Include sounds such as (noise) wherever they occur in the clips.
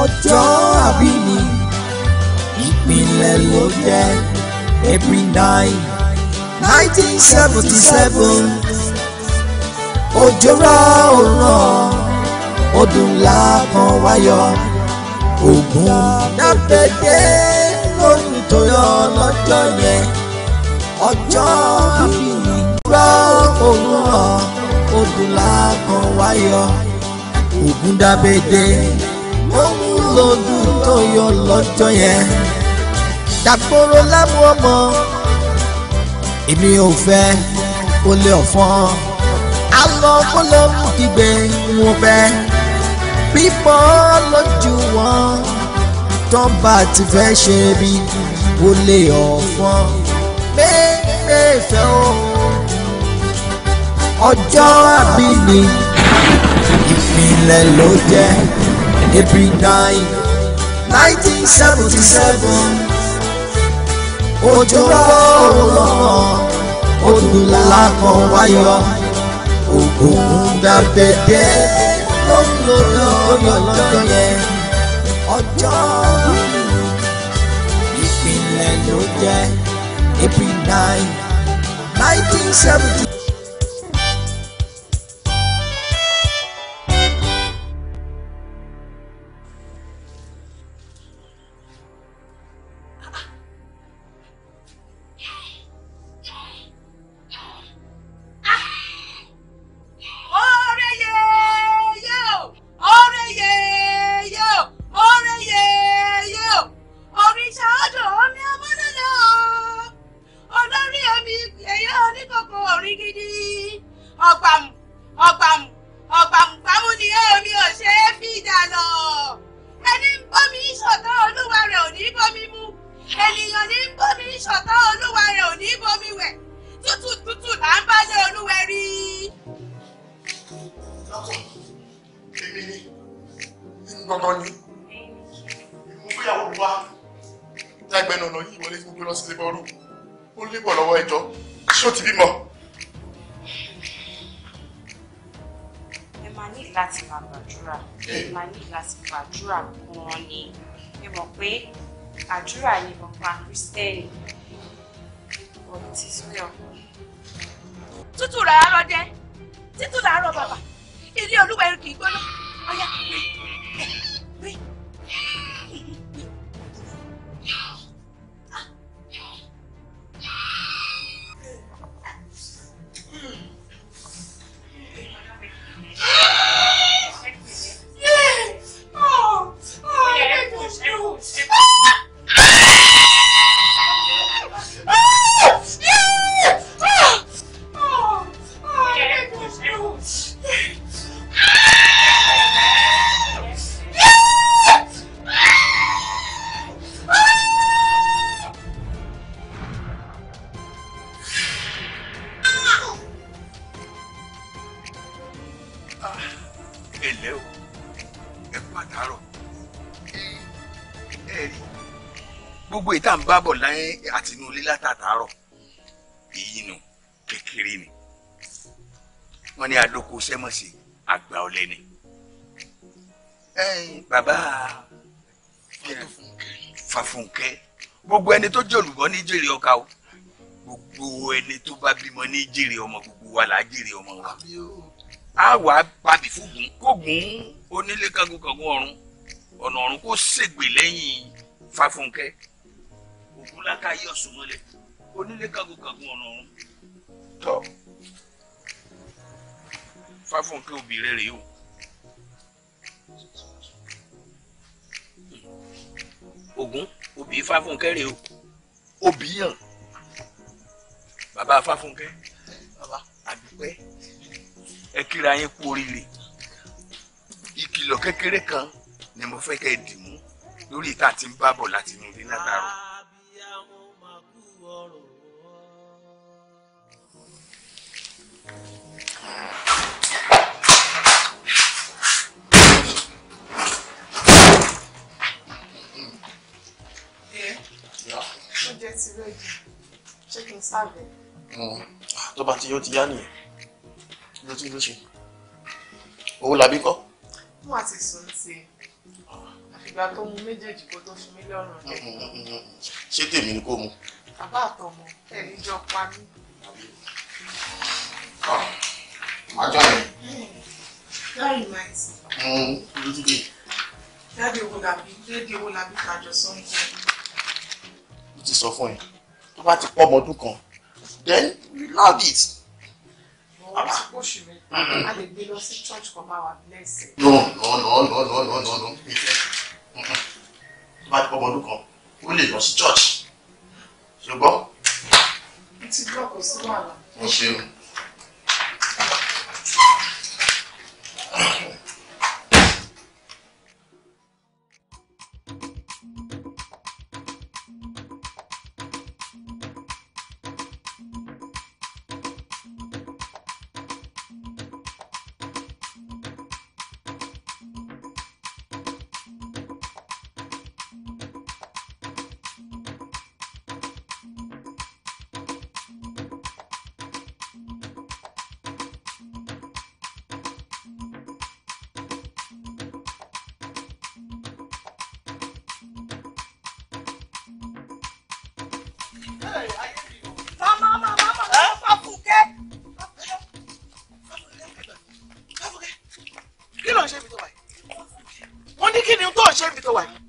ọjọ́ àbí mi ìpínlẹ̀ ló jẹ́ every nine nineteen seventy seven òjò rọ̀ òràn ọdún ńlá kan wáyọ Ògún dábẹ́dẹ́ lóhùn tó yọ lọ́jọ́ yẹn ọjọ́ àbí mi rọ̀ òràn ọdún kan wáyọ Ògún dábẹ́dẹ́ lójú tó yọ lọ́jọ́ yẹn Dàgbòrò lámú ọmọ èmi ò fẹ́ olè ọ̀fọ́n àlọ́ ọpọlọ́mù kígbe wọn fẹ́ pípọ́ lójú wọn tọ́ba ti fẹ́ ṣe bí olè ọ̀fọ́n mẹ́ẹ̀ẹ́ fẹ́ o ọjọ́ àbí ni ìpìlẹ̀ ló jẹ́. April 9, 1977. Òjò rọ̀ olùlàlà kan wáyọ̀. Ògùn dàbẹ̀dẹ̀ ló ń lò lọ́yọ̀ lọ́jọ́ yẹn. Ọjọ́ ìpínlẹ̀ ló jẹ́ April 9, 1977. àsìkò àdúrà gan ni ẹ mọ̀ pé àdúrà ni bàbá kristẹni ọtísíọ. tútù làárọ̀ jẹ́ títù làárọ̀ bàbá ilé olúwa kì í gbóná ọ̀yà pé. akọ́ṣẹ́mọṣẹ́ àgbà ọ̀lẹ ni. bàbá Fáfúnkẹ́ gbogbo ẹni tó jẹ́ olùbọ́ ní jèrè ọkà o gbogbo ẹni tó bá bímọ ní jèrè ọmọ gbogbo wa là á jèrè ọmọ wa á wàá pàbí fúgùn kógùn onílé kangun kangun ọ̀run ọ̀nà ọ̀run kó ṣègbè lẹ́yìn Fáfúnkẹ́ ògùn lákàáyé ọ̀sùn mọ́lẹ̀ onílé kangun kangun ọ̀nà ọ̀run tọ́. Fáfúnkẹ́ òbí rẹ̀ rèé o. Ògún òbí Fáfúnkẹ́ rèé o. Òbí yàn. Bàbá Fáfúnkẹ́. Bàbá àdúpẹ́. Ẹ kíra yín kú oríire. Ìkìlọ̀ kékeré kan ni mo fẹ́ kẹ́ ẹ dì mú nem ìta tí que bá bọ̀ láti inú ilé látàárọ̀. Àbíyá mo máa kú oúnjẹ ti rẹ́ẹ̀dì ṣé kí n sáàbẹ̀. Ah, tó bá ti yóò ti yá nìyẹn ló ti ló ṣe owó làbí kọ́. mo àti sùn ti àfìgbà tó mu méjèèjì kó tó fi mí lọ́rùn rẹ̀. Mm, mm, mm, ṣé tèmi ni kò mu. bàbá àtọmọ ẹni jọ pa mí. àjọ ah, yẹn. láì máa ti. lójú dé. dáàdi owó làbí déédéé owó làbí kájọ sọ́ńtì ti sọ fún ẹ tó bá ti pọ̀ ọmọ ọdún kan then you love it. oṣù mi a lè gbé lọ sí church kan máa wà bless ẹ. no no no no no no no no ìfẹ́ tó bá ti pọ̀ ọmọ ọdún kan ó lè lọ sí church ṣùgbọ́n. mo ti gbọ́ kò sí wàhálà. mo ṣeun. ṣe ń tó wà yìí.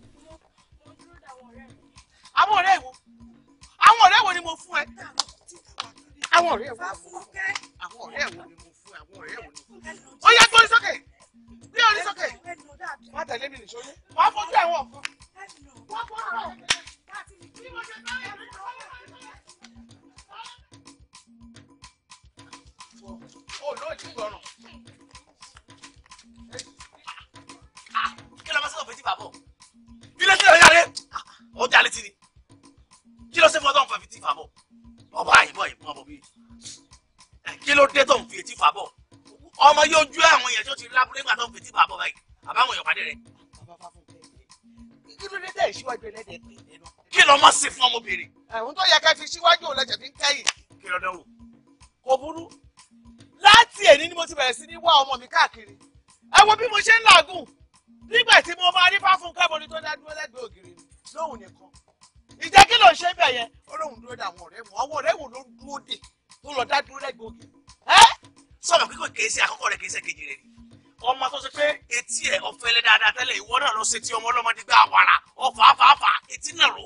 ṣe ti ọmọ ọlọ́mọdé gbá wàrà ọ̀fà àfààfà etí náà rò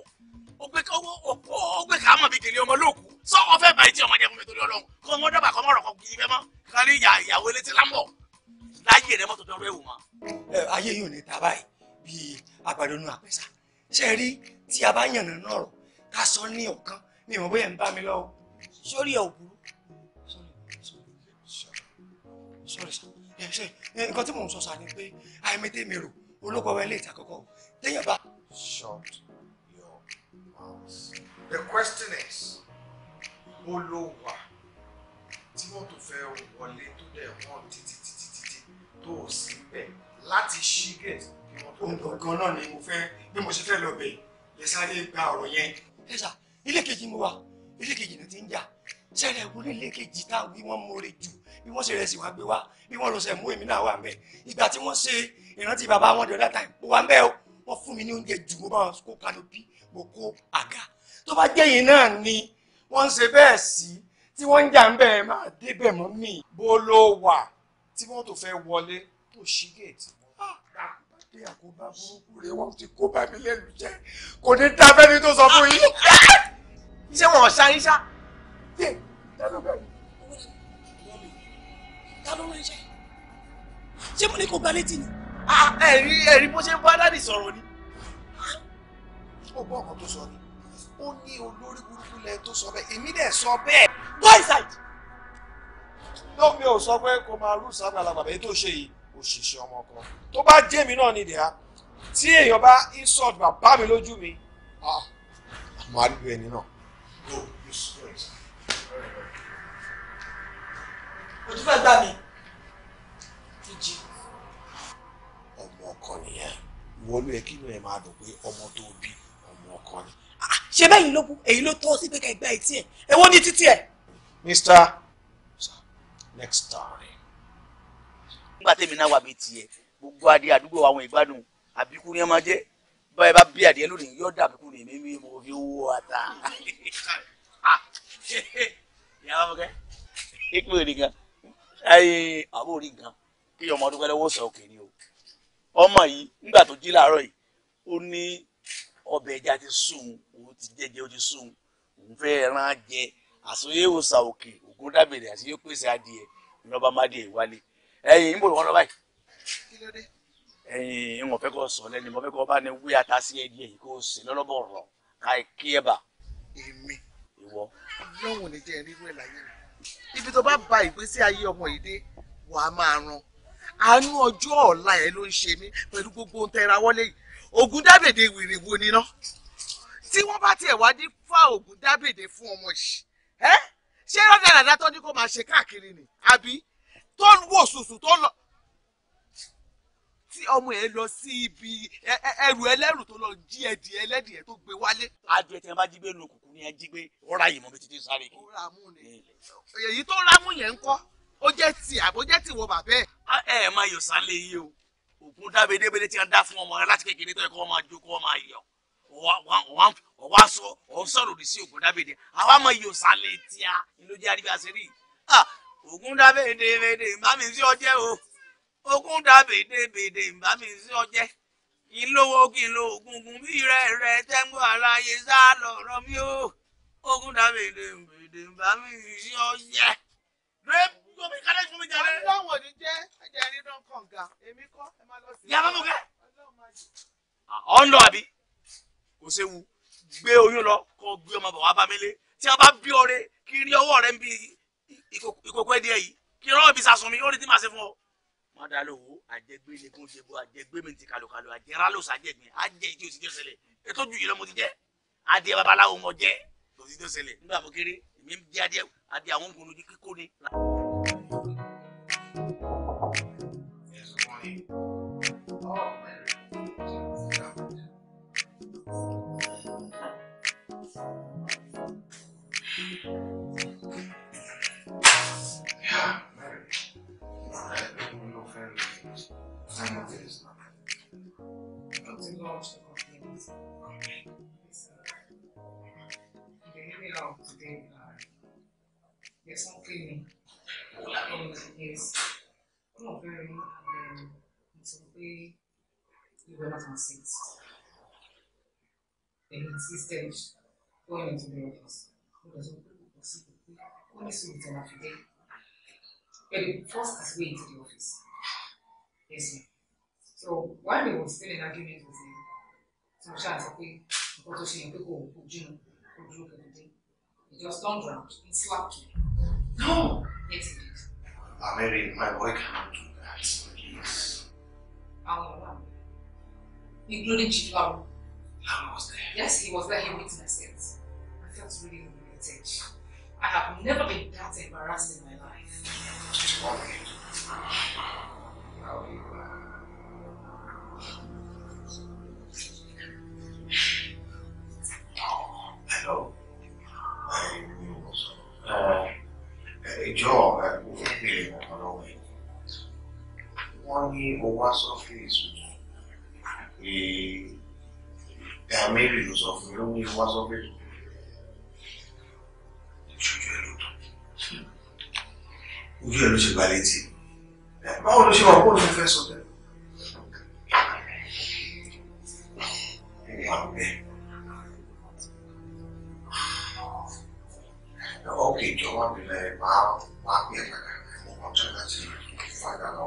ó gbé ká mọ̀ bí gèlè ọmọ lóòkù sọ wọn fẹ́ báyìí tí ọmọdé fún mi torí ọlọ́run kọ́ ọmọ dábàá kọ́ mọ̀rọ̀ kọ́ gidi fẹ́ mọ́ kárí ìyàwó elétí lámbọ̀ láyé rẹ mọ́tò tọrọ ẹ̀wù mọ́. ayé yóò ní ta báyìí bíi àgbàdo nù àpẹ́sà ṣe rí tí a bá yànnà náà rọ̀ ká sọ ní ọ̀kan ní ìmọ̀ bóyá ń bá mi lọ́wọ́ sórí ẹ̀ òbúrú sọ̀rọ̀ sọ̀rọ̀ nǹkan tí mò ń sọ sá ni pé àìmọ̀tẹ́ olóko ọwọ́ ilé ìtàkọ́kọ́ téèyàn bá. shut your mouth. the question is ó ló wà tí wọ́n tó fẹ́ wọlé tó dẹ̀ wọ́n títí títí títí tó o sì bẹ̀ láti ṣí gate kí wọ́n tó. ohun gangan náà ni mo fẹ́ bí mo ṣe fẹ́ lọ bẹ̀ yẹ sáré gba ọ̀rọ̀ yẹn. ẹ ṣá ilé kejì mo wà ilé kejì náà ti ń jà sẹ́rẹ̀ wo nílé kejì tá bí wọ́n mórè jù bí wọ́n ṣe rẹ̀ sì wá gbé wá bí wọ́n lọ sẹ̀ mú èmi náà wà mẹ́ ìgbà tí wọ́n ṣe ìrántí bàbá wọn the other time mo wà mẹ́ o wọ́n fún mi ní oúnjẹ jù mo bá wọn kó kanopi mo kó àga tó bá jẹ́ yìí náà ni wọ́n ń ṣe bẹ́ẹ̀ sí tí wọ́n ń jà ń bẹ̀ máa débẹ̀ mọ́ mi bó ló wà tí wọ́n tó fẹ́ wọlé tó ṣí gèètì pé ah! àkóbá burúkú rẹ wọn ti kó bá mi lẹ́nu jẹ kò ní dábẹ́ni tó sọ fún yín. iṣẹ́ wọn ọ̀sá yín ṣá ṣé mo ní kó gba létí ni. Ah, ẹ̀rí ẹ̀rí bó ṣe ń bá dádì sọ̀rọ̀ ni. ó gbọ́ ọ̀kan tó sọ ni ó ní olórí burúkú lẹ́yìn tó sọ bẹ́ẹ̀ èmi dẹ̀ sọ bẹ́ẹ̀. boy side. lómi ò sọ pé kó máa rú sàgbàlagbà bẹ́ẹ̀ tó ṣe yìí òṣìṣẹ́ ọmọ kan tó bá jẹ́ mi náà nìdí ha tí èèyàn bá insult bàbá mi lójú mi. Ah, màá lu ẹni náà. mo tún fẹ́ gbà mí. Fíjì. ọmọ ọkọ nìyẹn wọ́n ló kí inú ẹ̀ máa dùn pé ọmọ tó bí ọmọ ọkọ ni. Ah, ṣé bẹ́yìn ló kú èyí ló tọ́ sí pé ká ìgbà etí ẹ̀ èwo ní títí ẹ̀. Mr. next time. nígbà tèmi náà wà bíi tiẹ̀ gbogbo adé àdúgbò àwọn ìgbádùn àbíkú ni máa jẹ́ báyìí bá bí adìẹ lónìí yóò dàbí kú ni mímí mo fi wú ata. (laughs) Ah, (laughs) ìyá wa fẹ́ kẹ́ ikú nìkan. àbórí gan kí ọmọ ọdún pẹ́lẹ́wọ́ sọ òkè ni o ọmọ yìí nígbà tó jí láàárọ̀ yìí ó ní ọbẹ̀ ẹja ti sùn òun ti jẹjẹ ó ti sùn òun fẹ́ rán jẹ àsọyé òòsà òkè ògùn dábìrì àti yóò pèsè adìẹ mádìẹ ń bò wọn lọ báyìí fẹ́ kọ́ sọ fẹ́ kọ́ o sì lọ́lọ́bọ̀ rọ̀ kí ẹ bà. èmi ibi tó bá ba ìgbésí ayé ọmọ yìí dé wà á máa ran àánú ọjọ́ ọ̀la ẹ̀ ló ń ṣe mí pẹ̀lú gbogbo ohun tẹ́ra wọlé yìí ògùn dábèdè wèrè wo níná tí wọ́n bá tiẹ̀ wá dín fá ògùn dábèdè fún ọmọ yìí ẹ́ ṣé rọ́dà dàda tó ní kó máa ṣe káàkiri ni àbí tó ń wò sùsù tó ń lọ tí ọmọ ẹ lọ sí ibi ẹrù ẹlẹ́rù tó lọ jí ẹdì ẹlẹ́dìẹ tó gbé wálé. adìẹ tí wọn bá jí gbé nu kùkù ni ẹ jí gbé ọ̀rá yìí mọ̀ bí títí sáré. ó èyí tó rà yẹn ń kọ́ ó jẹ́ ti àbó jẹ́ ti wọ bàbẹ́. ẹ ẹ máa yọ sálé yìí o ògùn dábẹ́dẹ́bẹ́dẹ́ tí wọ́n dá fún ọmọ rẹ láti kékeré tó yẹ kó máa jó kó máa yọ ọwọ́ sọ ọ̀hún sọ̀rọ̀ òdì sí ògùn dábẹ́dẹ́ àwa máa yọ sálé tíá ló jẹ́ àdìgbàsẹ́rì ògùn dábẹ́dẹ́bẹ́dẹ́ bá mi sí ọjẹ́ o ogún dà bèdè bèdè ìbá mi sí ọjẹ́ kí n lówó kí n lo ògùngùn bí rẹ rẹ tẹ́gbọ́n aláyé sá lọ̀rọ̀ mi ó ogún dà bèdè bèdè ìbá mi sí ọjẹ́. rẹ gómìnà kálẹ̀ fún mi jàre. ọlọ́wọ̀ ni jẹ́ ẹ̀jẹ̀ ní dán kànga èmi kọ́ ẹ má lọ sí. ìyá bá mú kẹ́. ọ̀ ń lọ àbí kò séwu gbé oyún lọ kó gbé ọmọ bàbá bá mi lé tí a bá bí ọ̀rẹ́ kí n rí ọwọ́ rẹ ń bi ìkòkò ẹdí ẹ yìí kí n rọ ibi sàsùn mi ó rí tí màá ṣe fún ọ wọn dá lówó àjẹgbé lẹkùn ṣẹbù àjẹgbé mi ti kàlùkàlù àjẹrálòsà àjẹgbìn àjẹ ìdí òsì tó ṣẹlẹ̀ ètò ju yìí lọ mo ti jẹ adìẹ babaláwo mo jẹ òsì tó ṣẹlẹ̀ nígbà mo kéré èmi ń jẹ adìẹ àwọn ògùn ojú kíkó ni. personal feeling um, yes one of very um, sọ pé you were not consent and he insisted going into the office ó doesn't sọ pé kò sí kò pé ó ní but he forced his way into the office yes sir so while they were still in argument with him some chance sọ pé nǹkan tó ṣe yẹn pé kò ojú ojú òkèdè he just turned round and slapped him. No! Yes, it is. I'm uh, married. My boy cannot do that. Please. Including Chief Lamu. was there. Yes, he was there. He witnessed it. I felt really humiliated. I have never been that embarrassed in my life. ní mo wá sọ́fíìsì pé dàmẹ́rì ló sọ fún mi ló ní wá sọ́fíìsì ìṣojú ẹ̀ ló tó ojú ẹ̀ ló ṣe balẹ̀ tì báwo ló ṣe wà kó ló fẹ́ sọ bẹ́ẹ̀. Okay, Joe, I'm going to buy a packet of 发展到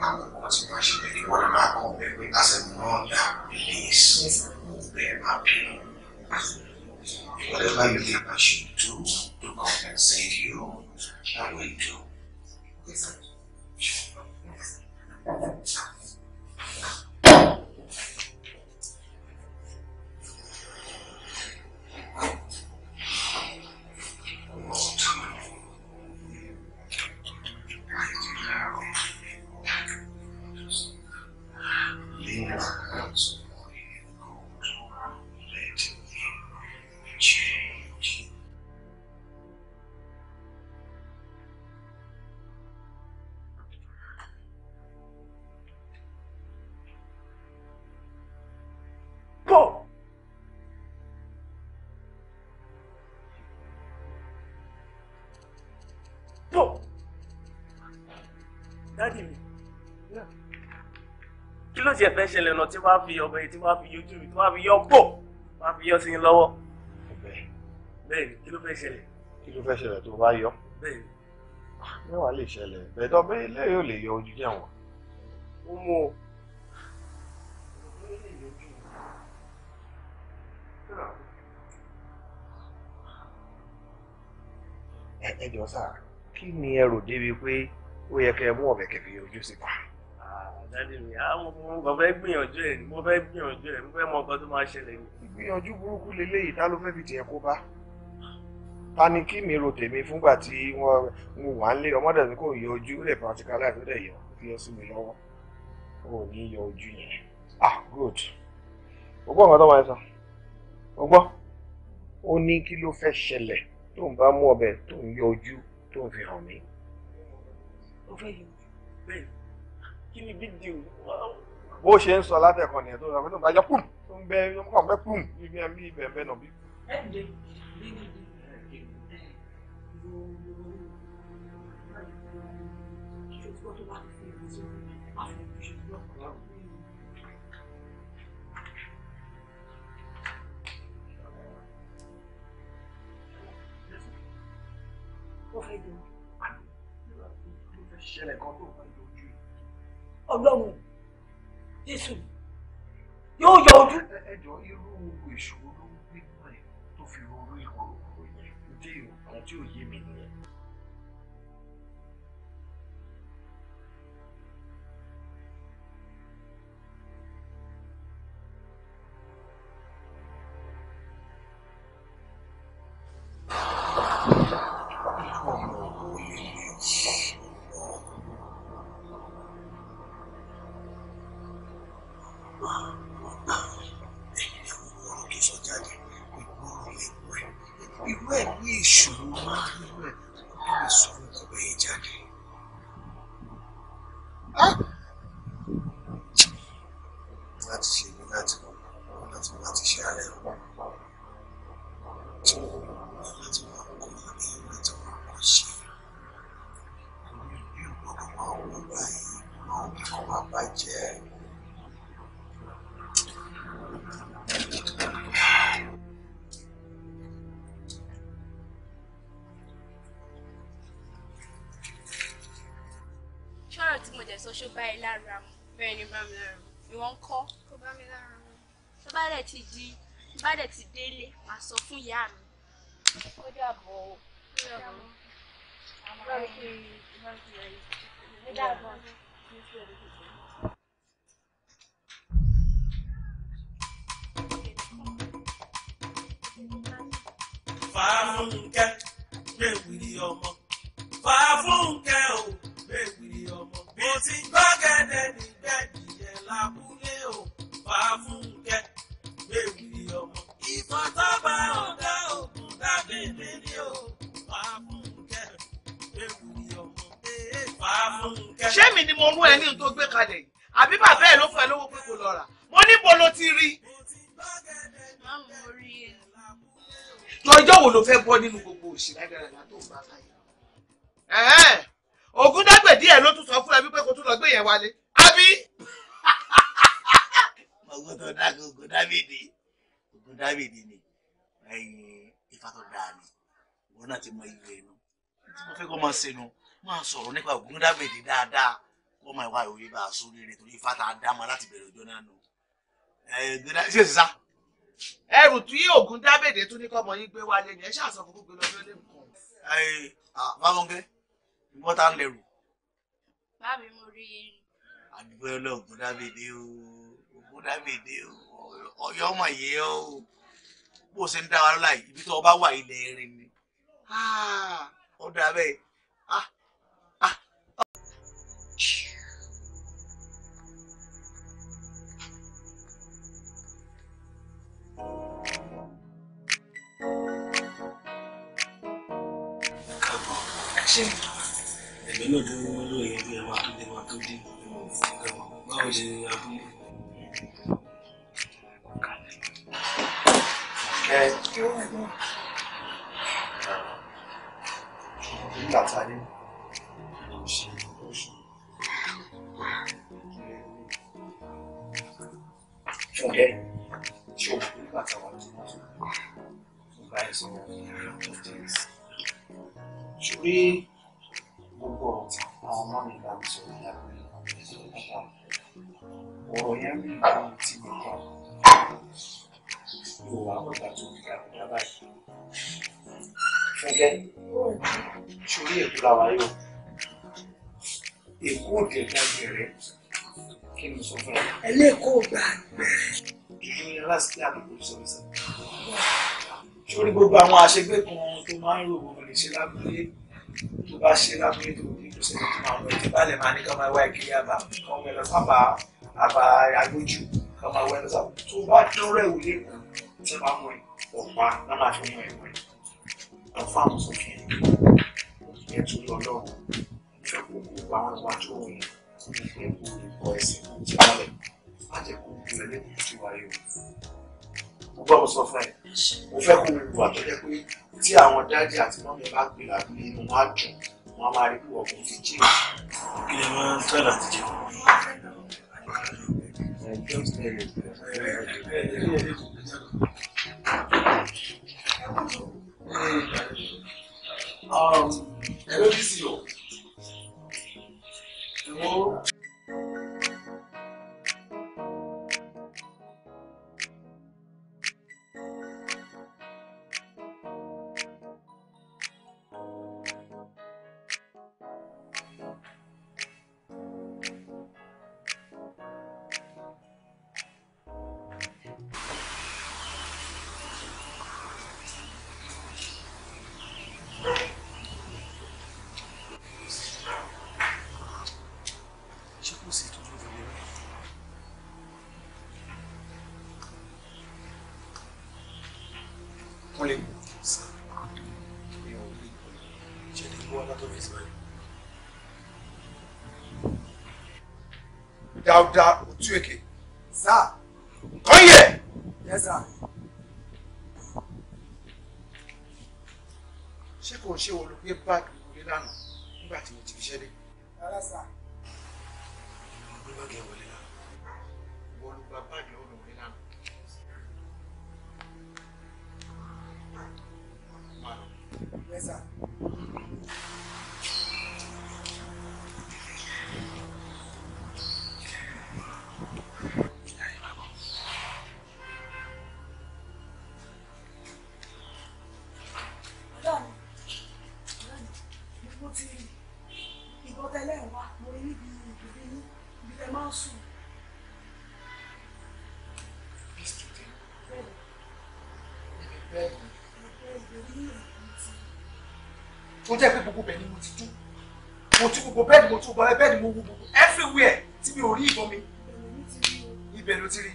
I congratulated one of my co-members. I said, Lord, that release them up here. Whatever you think I should do to compensate you, I will do. tí ẹ fẹ́ ṣẹlẹ̀ lọ tí wàá fi ọbẹ̀ tí wàá fi yọjú mi tí wàá fi yọ pò wàá fi yọ sí i lọ́wọ́. bẹ́ẹ̀ni kí ló fẹ́ ṣẹlẹ̀. kí ló fẹ́ ṣẹlẹ̀ tó bá yọ. bẹ́ẹ̀ni. Ah, mẹ́wàá lè ṣẹlẹ̀ bẹ̀ẹ́dọ́ bẹ́ẹ̀ ilé yóò lè yọ ojú jẹ̀wọ̀n. ó mú o. ẹ jọ sáà kí ni ẹ rò débi pé ó yẹ kẹ́ mú ọ̀bẹ kẹfì ojú síta dáàdì mi àwọn ah, mo fẹ́ gbìyànjú ẹ̀ mo fẹ́ gbìyànjú ẹ̀ mo fẹ́ mọ ọkọ tó máa ṣẹlẹ̀ ni. ìgbìyànjú burúkú leléyìí ta ló fẹ́ fi tiẹ̀ kó bá ta ni kí mi ro tèmi fúngbà tí wọ́n mo wà ń lé ọmọdé mi kò yọ ojú rẹ̀ practical life ló dẹ̀ yọ fi ọ sí mi lọ́wọ́ o ò ní yọ ojú yẹn ah good o gbọ́ nǹkan tó máa ń sọ o gbọ́ ó ní kí ló fẹ́ ṣẹlẹ̀ tó ń bá mú ọbẹ̀ tó ń yọ ojú tó ń fi hàn mí. ó fẹ́ yọ ojú bẹ́ẹ̀ kí ni big deal. bó ṣe ń sọ látẹ̀kọ̀ nìyẹn tó ń sọ pé tó ń bá yọ pùm tó ń bẹ ọmọ kan bẹ pùm ibi ẹbí ibẹ̀ ń bẹ nà bí. ṣẹlẹ̀ kan tó ọlọ́run jésù yóò yọ ojú ṣó bá ẹ lára mu. bẹ́ẹ̀ ni bá mi lára mu. ìwọ ń kọ́. kò bá mi lára mu. tó bá dẹ̀ ti di bá dẹ̀ ti délé màá sọ fún ìyá mi. ó dàbọ̀ ó dàbọ̀ ó dàbọ̀ ó dàbọ̀. máa ṣe nu máa sọ̀rọ̀ nípa Ògúndábèdé dáadáa wọ́n máa wá ìwé bá a sórí rẹ̀ torí ifá tá a dá mọ́ láti bẹ̀rẹ̀ ọjọ́ náà nù. ṣé sá. ẹrù tí Ògúndábèdé tún ní kọ́mọ yín gbé wálé ni ẹ ṣàṣọ fún gbogbo lọ́jọ́ lè kàn. bámọ́ngẹ́ ìwọ́n ta ń lẹ̀rù. bá mi mú rí i. àdúgbò ọlọ Ògúndábèdé o Ògúndábèdé o Ọ̀yọ́ ọmọ yìí o bó o ṣe ń dá wa lọ́la yìí ibi tó o bá wà ilẹ̀ rẹ̀ ni. ó dà bẹ́ẹ̀ Good. 刚才。gbogbo àwọn àṣegbè kan tó máa ń rò wọ́n lè ṣe lábúlé tó bá ṣe lábúlé tó ní kò sẹ́ni tó máa ń lọ tí bá lè máa ní kọ́ máa wá ìkiri àbá kọ́ wẹ́ lọ sábà àbá agbójú kọ́ máa wẹ́ lọ sábà tó bá dúró ẹ̀wù lẹ́kọ̀ọ́ tí wọ́n bá mú ẹ̀ ọ̀pá náà máa fi mú ẹ̀wù ẹ̀ lọ fún àwọn sófin ẹ̀ tó lọ lọ́wọ́ fẹ́ fẹ́ kó kó àwọn sọ fún mo fẹ́ kó wùwà tó jẹ́ pé tí àwọn dájí àti mọ́mí bá pè lábúlé inú wọn á dùn wọn á máa rí bí ọkùnrin ti jẹ́. kí ni wọ́n ń tọ́lá ti jẹun? out, gbogbo bẹ́ẹ̀ ni mo ti dún mo tún gbogbo bẹ́ẹ̀ mo tún gbọ́ bẹ́ẹ̀ mo wú gbogbo everywhere tí mi ò rí ìbọn mi ibẹ̀ ti rí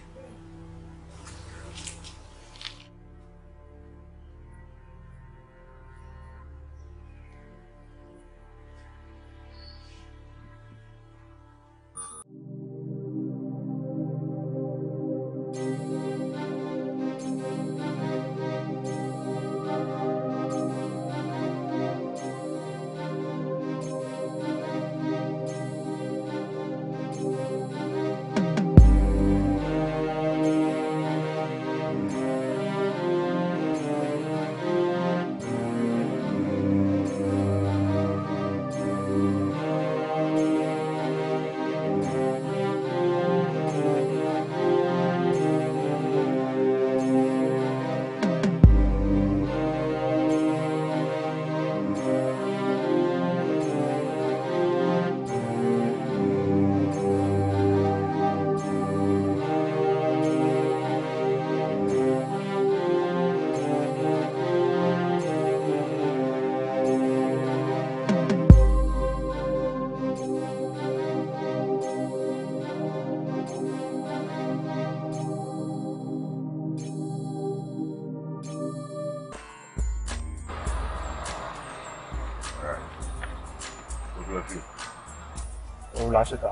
是的，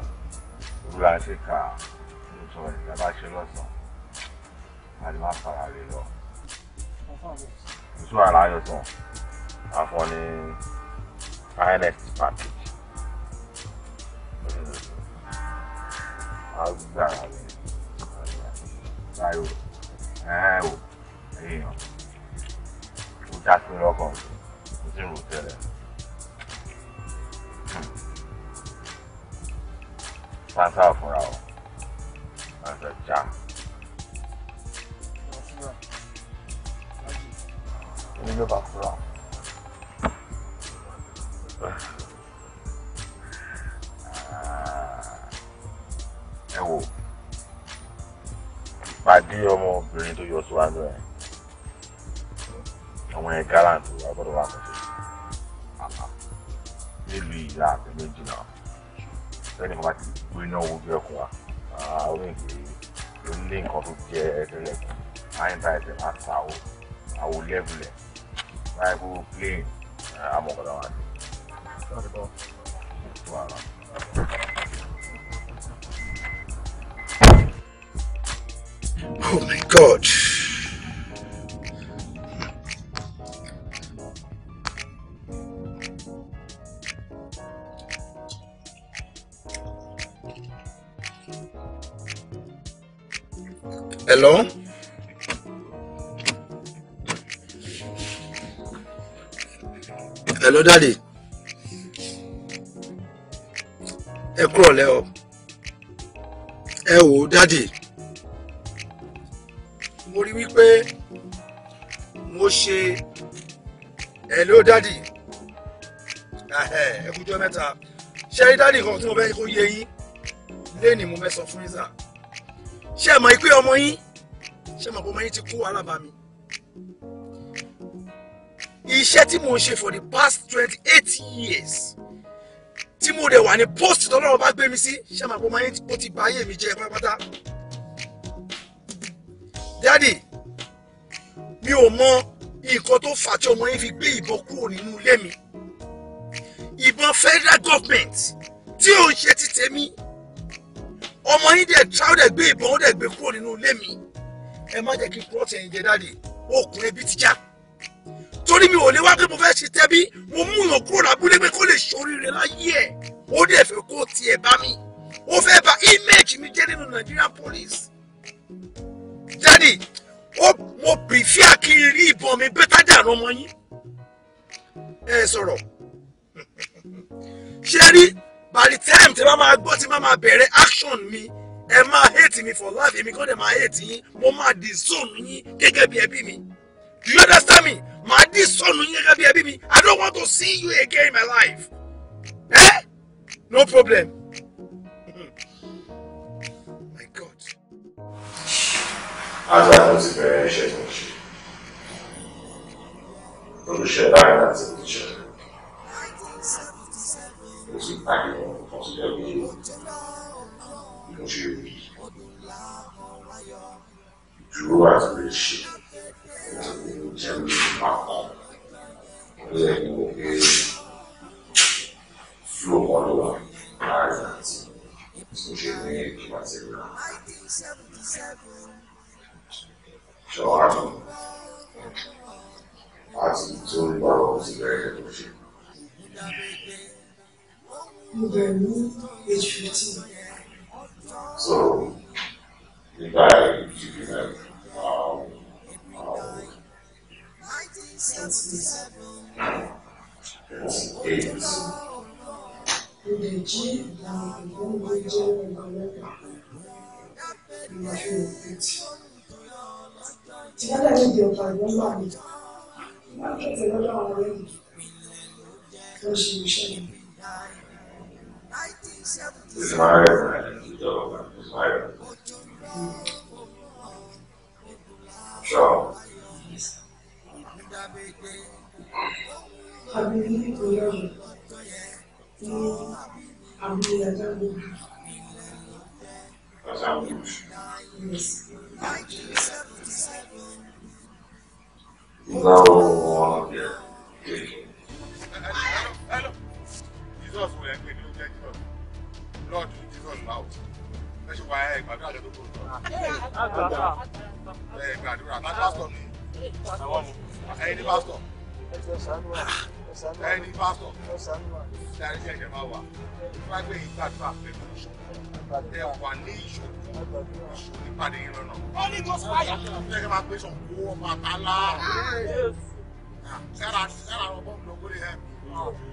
们来是。tẹ́lẹ̀ wá ti gbé náà wojú ẹkùn wa àwọn èdè onílé nǹkan tó jẹ́ ẹ̀ẹ́dẹ́lẹ́kùn àyìnbá ẹ̀sẹ̀ máa ta àwọ̀ àwọ̀ lẹ́bùlẹ̀ báyìí kó plane amọ̀kọ̀dá wa ni. Oh my God. hello daddy ẹ kúrọ̀ lẹ́ o ẹ wò ó daddy mo rí wípé mo ṣe hello daddy ẹ kújọ mẹ́ta ṣe rí daddy kan tí mo fẹ́ kó yé yín lẹ́ni mo mẹ́sàn fún yín sà ṣe é mọ̀ pé ọmọ yín ṣe é mọ̀ pé ọmọ yín ti kó alábàámi iṣẹ́ tí mò ń ṣe for the past twenty eight years tí mo dẹ̀ wà ní post tọ́lọ́run bá gbé mi sí ṣé màá pọ́n máa yín ó ti bá ayé mi jẹ́ pátápátá. dádì mi ò mọ nǹkan tó fà tí ọmọ yín fi gbé ìbọn kúrò nínú ilé mi ìbọn federal government tí ò ń ṣe ti tèmi ọmọ yín dẹ̀ tra ó dẹ̀ gbé ìbọn ó dẹ̀ gbé kúrò nínú ilé mi ẹ má jẹ́ kí n kúrò tẹ̀yìn jẹ dádì ó kún ẹbí tíjà torí mi ò lè wá pé mo fẹ́ ṣe tẹ́bí mo mú yàn kúrò lábúlé pé kó lè ṣoríire láyé ẹ̀ ó dẹ̀ fẹ́ kó tiẹ̀ bá mi ó fẹ́ bà image mi jẹ́ nínú Nigerian police daddy ó mo prefer kí n rí ìbọn mi bẹ́tà dànù ọmọ yín ẹ sọ̀rọ̀ ṣe rí by the time tí bá máa gbọ́ tí bá máa bẹ̀rẹ̀ action mi ẹ máa hate mi for life èmi kọ́ dẹ̀ máa hate yín mo máa disown yín gẹ́gẹ́ bí ẹbí mi do you understand me My dì son yín gẹ́gẹ́ i don't want to see you again in my life eh? no problem. my God. àgbà tó ti bẹ̀rẹ̀ iṣẹ́ tó ń share that. No, yeah. Jesus will agree to get you. Lord, Jesus now. That's why I gbàdúrà tó kò tó. Ẹ gbàdúrà, ta pásítọ̀ ni. Ẹyin ni pásítọ̀. Ẹyin ni pásítọ̀. Ṣé àríṣẹ́ ìṣẹ̀ máa wà? Fúrágbé yìí gbàdúrà pẹ̀lú ìṣòro ẹ wà ní ìṣòro ìṣòro nípàdé yín lọ́nà. ó ní ghost fire. ẹ kẹ́ máa gbé sàn kó ọmọ àtàlà. ẹ ra ọgbọ́n mi lọ kó lè hẹ́ mi.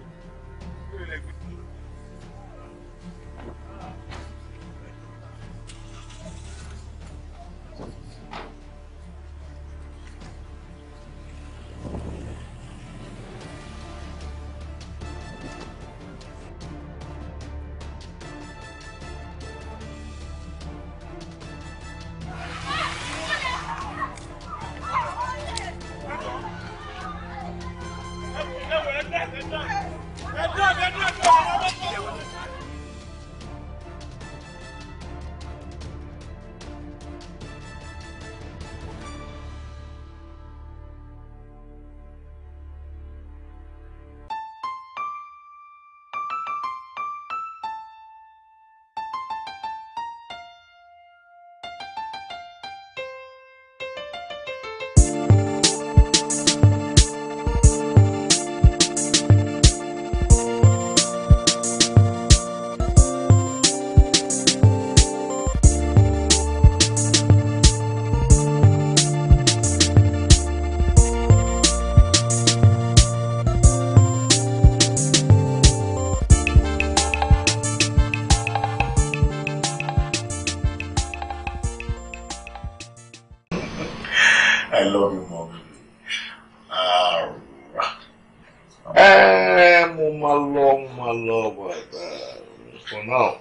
now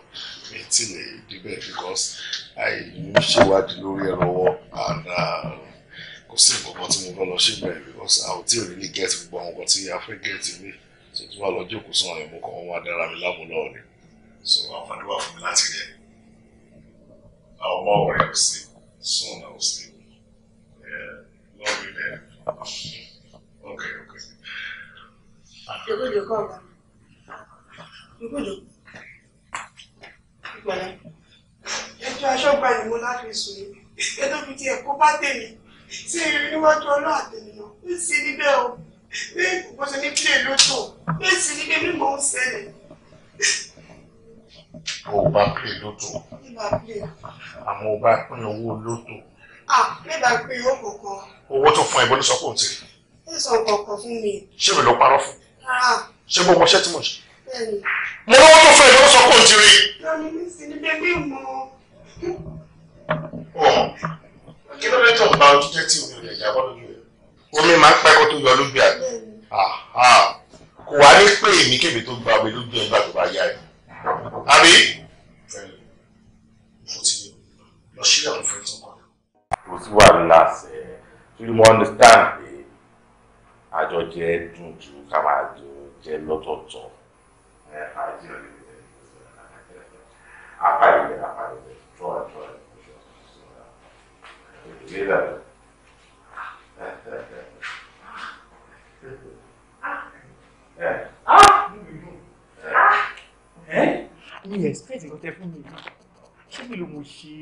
mi ti lè débẹ̀ because àìníṣèwádìí lórí ẹ lọ́wọ́ and um, kò sí nǹkan tí mo fẹ́ lọ ṣe bẹ́ẹ̀ because àwọn tí ò ní lè get gbogbo àwọn nǹkan tí a fẹ́ get mi so tí wàá lọ jókòó sàn ẹ̀ mo kàn wọ́n wá dára mi láàmú náà ni so àǹfààní wà fún mi láti rí ẹ àwọn ọmọ ọ̀rẹ́ ò sí soon I will see yeah love you man okay pẹ̀lẹ́ ẹjọ́ aṣọ́gbà ni mo láfi sùn ní ẹjọ́ fi ti ẹ̀kọ́ bá tèmi sí irin níwájú ọlọ́ àtẹnìyàn ń sí níbẹ̀ o bí kò ṣe ní pílẹ̀ lótò ń sí níbẹ̀ bí mò ń ṣẹlẹ̀. mo bá pílẹ̀ lótò àmọ́ bá pín owó lótò. ah mẹ́ta pín owó kọ̀ọ̀kan. owó tó fún ẹ̀gbọ́n ló sọ pé òun ti rí. ó sọ kọ̀ọ̀kan fún mi. ṣé mi ló parọ́ fún? ṣé gbogbo ṣẹ́ tí mo ṣe? mo lọ́wọ́ tó fẹ́ lọ́wọ́ sọ pé ò ti rí. kí ló dé tó ń ba ojú jẹ́ tí omi ò lè jábọ́ lójú rẹ̀. omi máa ń pẹ́ kó tó yọ lójú àná kò wá ní pé èmi kébè tó gba omi lójú ẹgbàá tó bá yá ẹ àbí. mo ti lọ sí àwọn fẹ́ tó kọ́. kò sí wàhálà ṣe é you understand pé àjọjẹ dùn ju ká máa jẹ lọ́tọ̀ọ̀tọ̀ apparire, apparire, cioè, cioè, cioè, mi expect nǹkan tẹ fún mi rí ṣé mi ló mo ṣe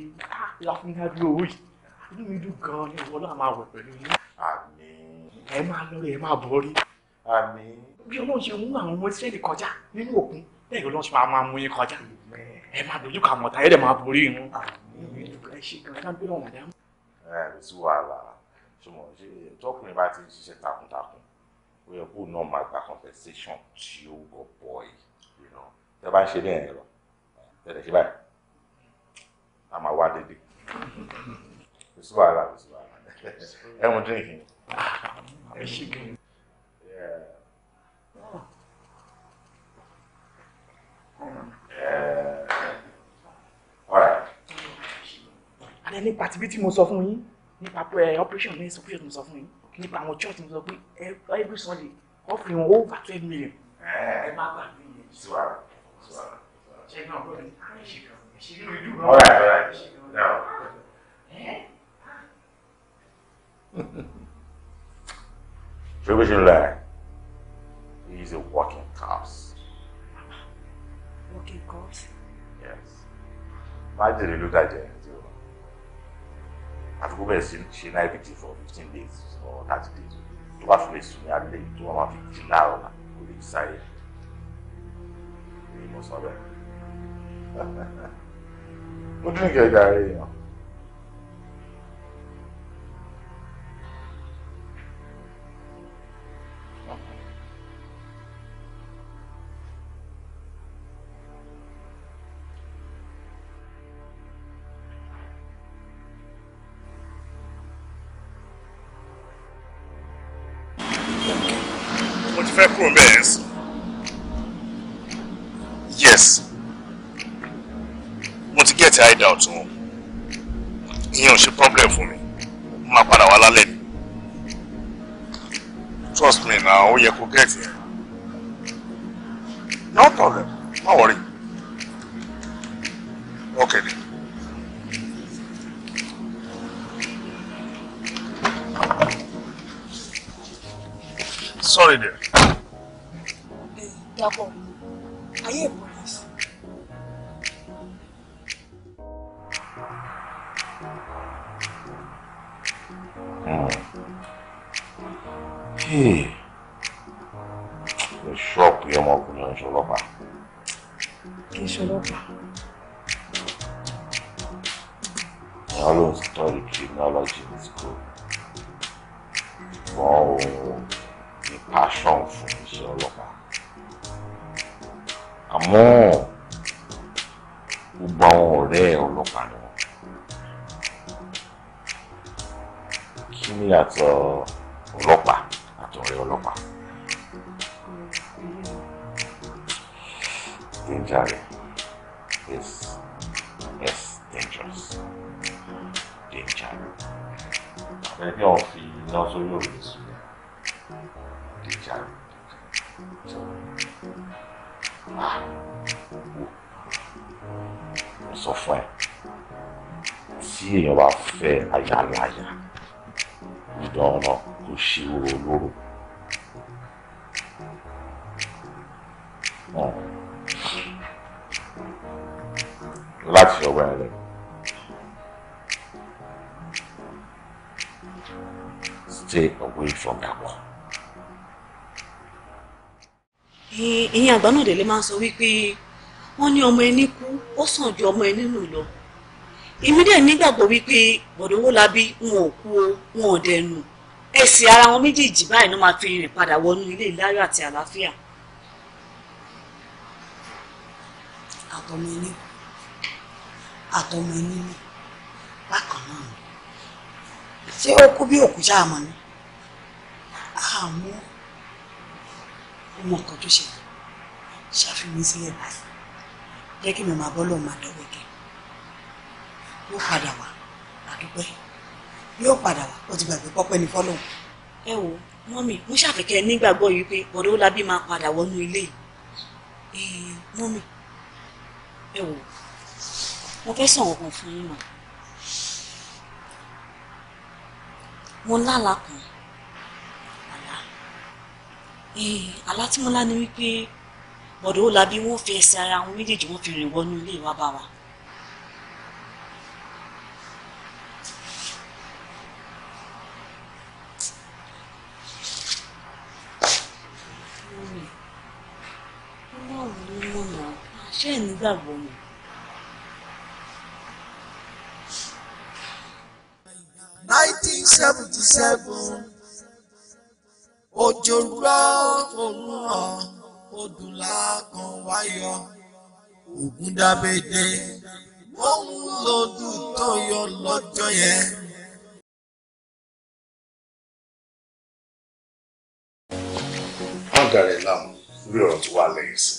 láfíńdájú owó yìí inú mi dùn gan-an ni ìwọ náà máa wẹ̀ pẹ̀lú yín. àmín. ẹ máa lọ rẹ ẹ máa bọ̀ rí. àmín bí ọlọ́run ṣe mú àwọn ọmọ Ísírẹ́lì kọjá nínú òkun bẹ́ẹ̀ ọlọ́run ṣe máa mú yín kọjá ẹ máa dojú kọ àwọn ẹ̀ dẹ̀ máa borí yín. ẹ ṣe kan bí ọ̀nà dáhùn. ẹ kò sí wàhálà ṣùgbọ́n ṣe tọkùnrin bá ti ń ṣiṣẹ́ takuntakun ó yẹ kó náà máa gba compensation tí ó gọbọ yìí tẹ bá ń ṣe bẹ́ẹ̀ lọ tẹ̀lé ṣe báyìí a máa wá dédé kò sí wàhálà kò sí wàhálà ẹ mú drink yín. Ah, ẹ ṣe kí ni. àlẹ́ eh, nípa tibí tí mo sọ fún yín nípa eh, operation ní operation mo sọ fún yín nípa àwọn church mo sọ pé every sunday wọ́n fi wọn over twelve million. Eh. ẹ má gbà mí yẹn. ṣùgbọ́n ṣẹ́gun ọ̀gbọ́n mi ṣẹ́gun ìdúró. ọ̀rẹ́ ọ̀rẹ́ náà. Tribulation Lair, he's a walking corpse. God. Yes. Májèlé ló dàjẹ́ tí o. Àdúgbò bẹ̀rẹ̀ sí ṣe náà ibi for fifteen days or thirty days. Tó bá fi lè sùn ní alẹ́ tó wá máa fi jí láàárọ̀ kó lè sáyé. Ní ìmọ̀ sọ́bẹ̀. (laughs) Mo of kẹ̀kẹ́ àárẹ̀ yẹn. náà yẹ kó gẹ̀ẹ́tì no problem no worry. náà fi iná sórí òkè sí ìjà ìjà mo sọ fún ẹ tí èèyàn bá fẹ́ ayaláya ìdánwò kò ṣíwó olóró. láti ọwọ́ ẹ stay away from that one. ìyẹn àgbà náà délé máa ń sọ wípé wọ́n ní ọmọ ẹni kú ó sàn ju ọmọ ẹni nù lọ èmi nígbàgbọ́ wípé bọ̀dọ̀wọ́ labí wọn ò kú o wọn ò dẹnu ẹsẹ̀ ara wọn méjèèjì báyìí ló máa fi rìn padà wọnú ilé ìláyọ̀ àti àlàáfíà. àtọmọ ẹni àtọmọ ẹni bákan náà ṣé ó kú bí òkú ṣáà ni àmọ́ ọmọ kan tó ṣẹlẹ̀ ṣàfihàn sílẹ̀ báyìí jẹ́ kí mi máa bọ́ lọ́ọ́ máa dọ́wọ́ kẹ́ yóò padà wá àdúpẹ́ yóò padà wá ó ti gbàgbé pọ́pẹ́ ní fọ́lọ́hún. ẹ wo mọ́mì mo ṣàfikẹ́ nígbàgbọ́ yìí pé ọ̀dọ́ ó labí máa padà wọnú ilé yìí mọ́mì ẹ wo mo fẹ́ sàn ọ̀kan fún yín mọ́ mo lálàá kan alátìmọ́lá ni wípé bọ̀dọ̀ ó labí wọ́n fi ẹsẹ̀ ara wọn méjèèjì wọ́n fi rìn wọnú ilé wa bá wa. nineteen seventy seven òjò rọ òun ràn odò láàkàn wáyọ ògùn dábẹ́dẹ́ òun lòdù tó yọ lọ́jọ́ yẹn. má dàrẹ̀ láàmú lórí ọ̀rọ̀ tó wà lẹ́yìn sí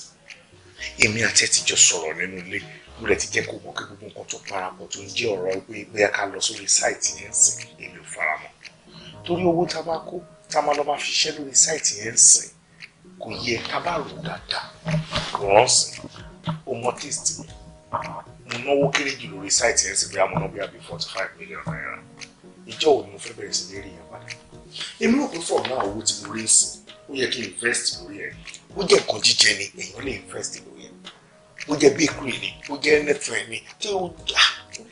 èmi àti ẹ̀ ti jọ sọ̀rọ̀ nínú ilé mo rẹ̀ ti jẹ́ kó gbọ́ gbogbo nǹkan tó parapọ̀ tó ń jẹ́ ọ̀rọ̀ pé bóyá ká lọ sórí sáìtì yẹn sí èmi ò faramọ́ torí owó tá a bá kó tá a máa lọ máa fi ṣiṣẹ́ lórí sáìtì yẹn ń sìn kò yẹ ká bá rò dáadáa kò rán sí o mọ taste mi mo náwó kéré jù lórí sáìtì yẹn sí bí a mọ̀ náà bí a bí forty five million naira ìjọ òní mo fẹ́ bẹ̀rẹ̀ sí ní rí yẹn padà èmi rò pé fọ́ọ̀mù náà owó tí mo rí ń sìn ó yẹ kí n invest lórí ẹ̀ ó jẹ́ nǹkan jíjẹ ni èèyàn lè invest lórí ẹ̀ ó jẹ́ bakery ni ó jẹ́ anything ni tí ó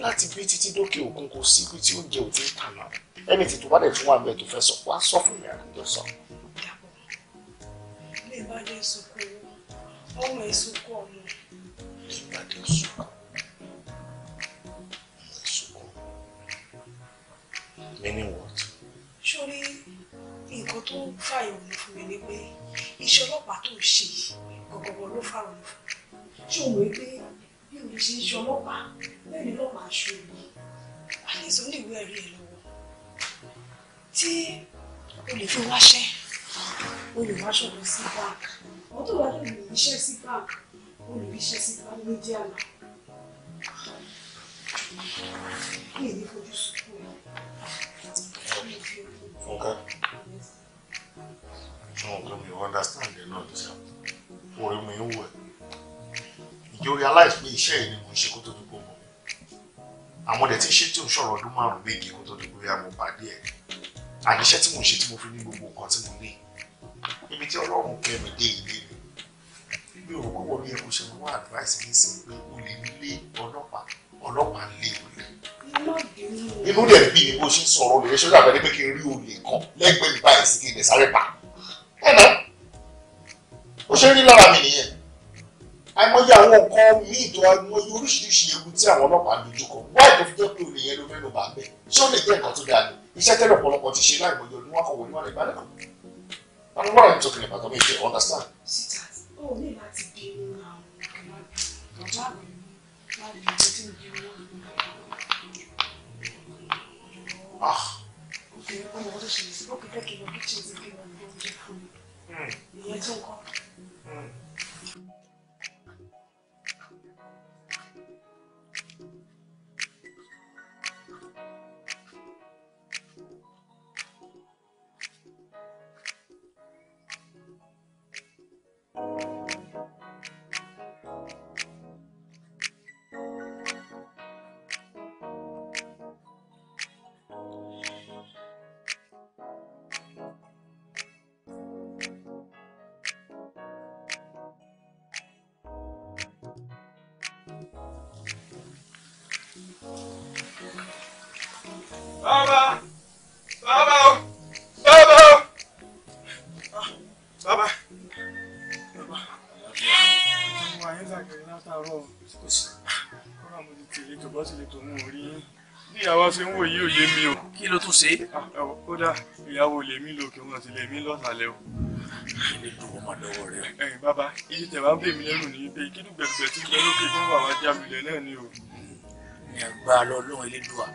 láti bí títí dókè òkun kò sí ibi tí oúnjẹ ò ti ń ẹni tí tó bá fún wa bẹ́ẹ̀ tó fẹ́ sọ wá sọ fún mi àkójọ sọ. ilé ìbàdàn ìsìnkú ọmọ tó fa ìrònú fún mi ni pé iṣẹ́ ọlọ́pàá tó ṣe yìí ló fa ìrònú fún mi ṣé o mọ̀ pé mi ò ṣe ọlọ́pàá bẹ́ẹ̀ ni ọlọ́pàá àlejò lè wé ẹ̀rí ẹ̀ lọ́wọ́ tí o lè fi wáṣẹ́ o lè wáṣọ lọ sí báńkì àwọn tó wà lè iṣẹ́ sí báńkì o lè iṣẹ́ sí báńkì méjì àná mi ò fojú sunkún ẹ̀ fúnkẹ́ àwọn kan mi understand ẹ̀ náà ti sá orí mi ń you realize pé iṣẹ́ yìí ni mo ń ṣe kó tó dúpọ̀ mọ́ àwọn ọ̀dẹ̀ tí ń ṣe tí ò ń sọ̀rọ̀ ọdún márùn méje kó tó dúpọ̀ ya mo pàdé ẹ̀ àníṣẹ́ tí mo ń ṣe tí mo fi ní gbogbo nǹkan tí mo ní ibi tí ọlọ́run kẹ́ mi dé ilé mi níbi òun púpọ̀ bí ẹkùn ṣe mo wá advice mi sí pé o lè lé ọlọ́pàá ọlọ́pàá lé o lè. inú rẹ̀ bí ni bó ṣe ń sọ̀rọ̀ lè ṣe dàbẹ́ pé kí n rí olè kan lẹ́gbẹ̀ẹ́ ìbáyìí sí kí n lè sáré pa ẹ̀ ó ṣe rí lára mi nìyẹn àìmọye àwọn nǹkan míì tó àìmọye oríṣiríṣi ewu tí àwọn ọlọ́pàá dojú kọ wáyé tó fi jẹ́ pé olè yẹn ló fẹ́ ló bá bẹ̀ ṣé ó lè jẹ́ nǹkan tó dáa ni iṣẹ́ tẹ́lẹ̀ ọ̀pọ̀lọpọ̀ ti ṣe láìmọye ọdún wọn kọ̀ wọ́n níwọ̀n ìgbàlẹ̀ kan àwọn ọmọ rẹ̀ ń tọkìlẹ̀ bàtọ́ mi ṣe understand. sisters ó ní láti bí wọn àwọn ọmọ Ah. Okay, I'm going to show you. Okay, thank you. I'm going to show you. Yeah, it's okay. Baba! Baba o! Baba o! Baba! Baba! Mo àyè ń kàkiri látàárọ̀. Kò sí. Kọ́ra mo ti tèlé tó bá ti lè tó mú orí yín. Bí ìyàwó ṣe ń wò yí òye mi o. Kí ló tún ṣe? Kódà ah, ìyàwó lè mí lòkè wọn ti lè mí lọ́sàlẹ̀ o. Ilé dùn ọmọ lọ́wọ́ rẹ̀. Ẹ̀yin bàbá, iye tẹ̀ wá ń bèmí lẹ́rù ní pé kí dùgbẹ̀dùgbẹ̀ tí ń bẹ lókè fún bàbá Jámilẹ̀ náà ni o ní agbára lọ́lọ́run elédùà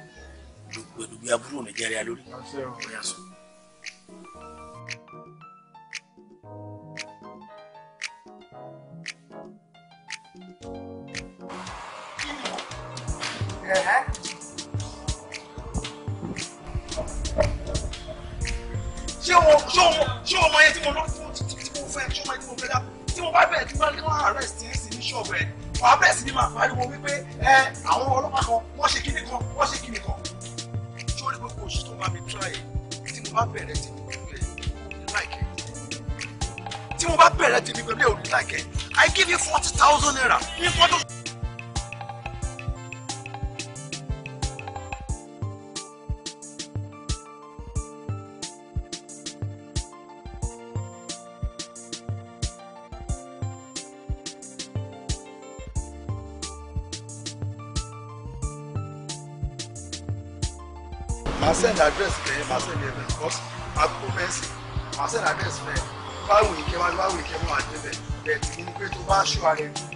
gbogbo ẹ̀dùgbé aburú ò ní jẹ́rìí alórí ṣé o ṣé o ṣé o mọ iye tí mo lọ fún tí mo fẹ́ ṣé o mọ iye tí mo fẹ́ dá tí mo bá bẹ̀ẹ́ tí mo bá ní kí wọ́n arrest yín sí ní ṣọ́ọ̀bù ẹ̀ wàá bẹ̀rẹ̀ sí ni máa pariwo wípé ẹ àwọn ọlọ́pàá kan wọ́n ṣe kíni kan wọ́n ṣe kíni kan sórí gbogbo oṣù tó bá mi try tí mo bá bẹ̀rẹ̀ tí mi pẹ̀lú ẹ̀ ní láìkẹ́ tí mo bá bẹ̀rẹ̀ tí mi pẹ̀lú ẹ̀ ní láìkẹ́ I give you forty thousand naira ní fọ́tò. máa send address kẹyìn máa send ẹbẹ because agogo mẹ́sì máa send address fẹ́ báwo ìkẹ́ wá báwo ìkẹ́ wọ́n àdébẹ̀ bẹ́ẹ̀ tí mi ní pé tó bá ṣọ́ ara ẹni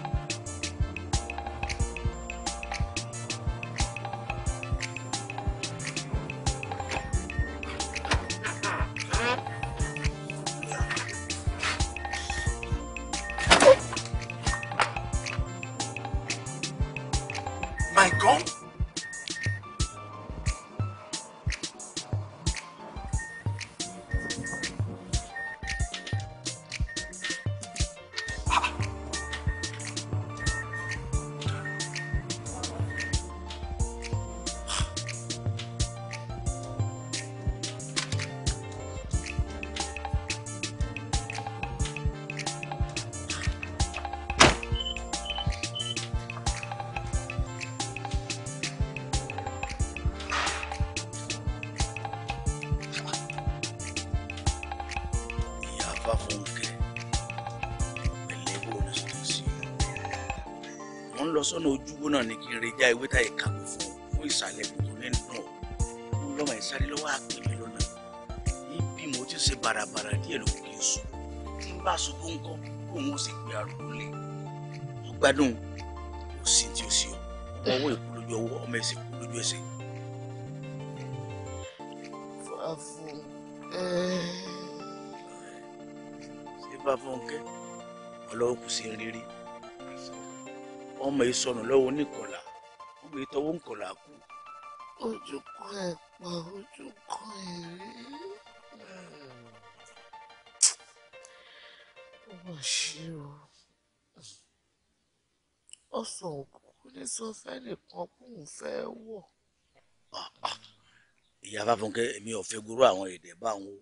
sọ́nà ojúgbó náà ní kí n rejá ewé táyé kàwé fún fún ìsàlẹ̀ gbogbo nínú náà mo lọ́mọ ìsáré lọ́wọ́ àpè mi lọ́nà níbi mo ti ṣe bàràbàrà díẹ̀ ló kì í sùn tí n bá sùn tó ń kọ́ òun ó sì gbé arúgbó lé mo gbádùn kò sí tí ó sì ọ ọwọ́ ìkú lójú ọwọ́ ọmọ ẹsẹ̀ kú lójú ẹsẹ̀. fàfún ṣé bá fọ́nkẹ́ ọlọ́wọ́ kù sí rírí ọmọ yìí sọnù lọ́wọ́ oníkọlà ọmọ yìí tọwọ́ nkọlà kú. ojúkọ ẹ pa ojúkọ ẹ rí. ó mà ṣe o ọsàn òkùnkùn ní sọfẹ́ nìkan kóun fẹ́ wọ̀. ìyá fáfúnkẹ́ èmi ò fẹ́ gbúrú àwọn èdè báwọn o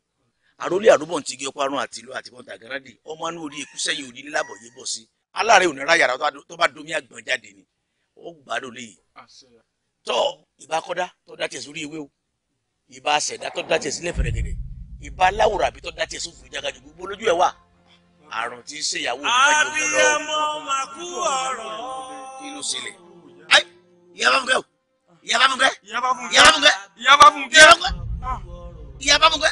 àròlé àrúbọ̀ ń ti gé ọparun àti ìlú àti mọ́tàgárádì ọmọ anú orí èkúsẹ́yìn òní nílábọ̀ yìí bọ̀ sí. Si aláàrẹ ò ní ra yàrá tó bá domi àgbọn jáde ni ó gbádùn léyìí tọ ìbá kọdá tó dá tẹsí orí ewé o ìbá sẹdá tó dá tẹsí lẹfẹrẹ gẹdẹ ìbá láwùrọ àbí tó dá tẹsí òfin jágajù gbogbo lójú ẹ wà àrùn tí ń ṣèyàwó àríyàmọ máa kú ọ̀rọ̀ kí ló ṣẹlẹ̀ ayi fún kẹ o ìyá fún kẹ ìyá fún kẹ ìyá fún kẹ ìyá fún kẹ ìyá fún kẹ.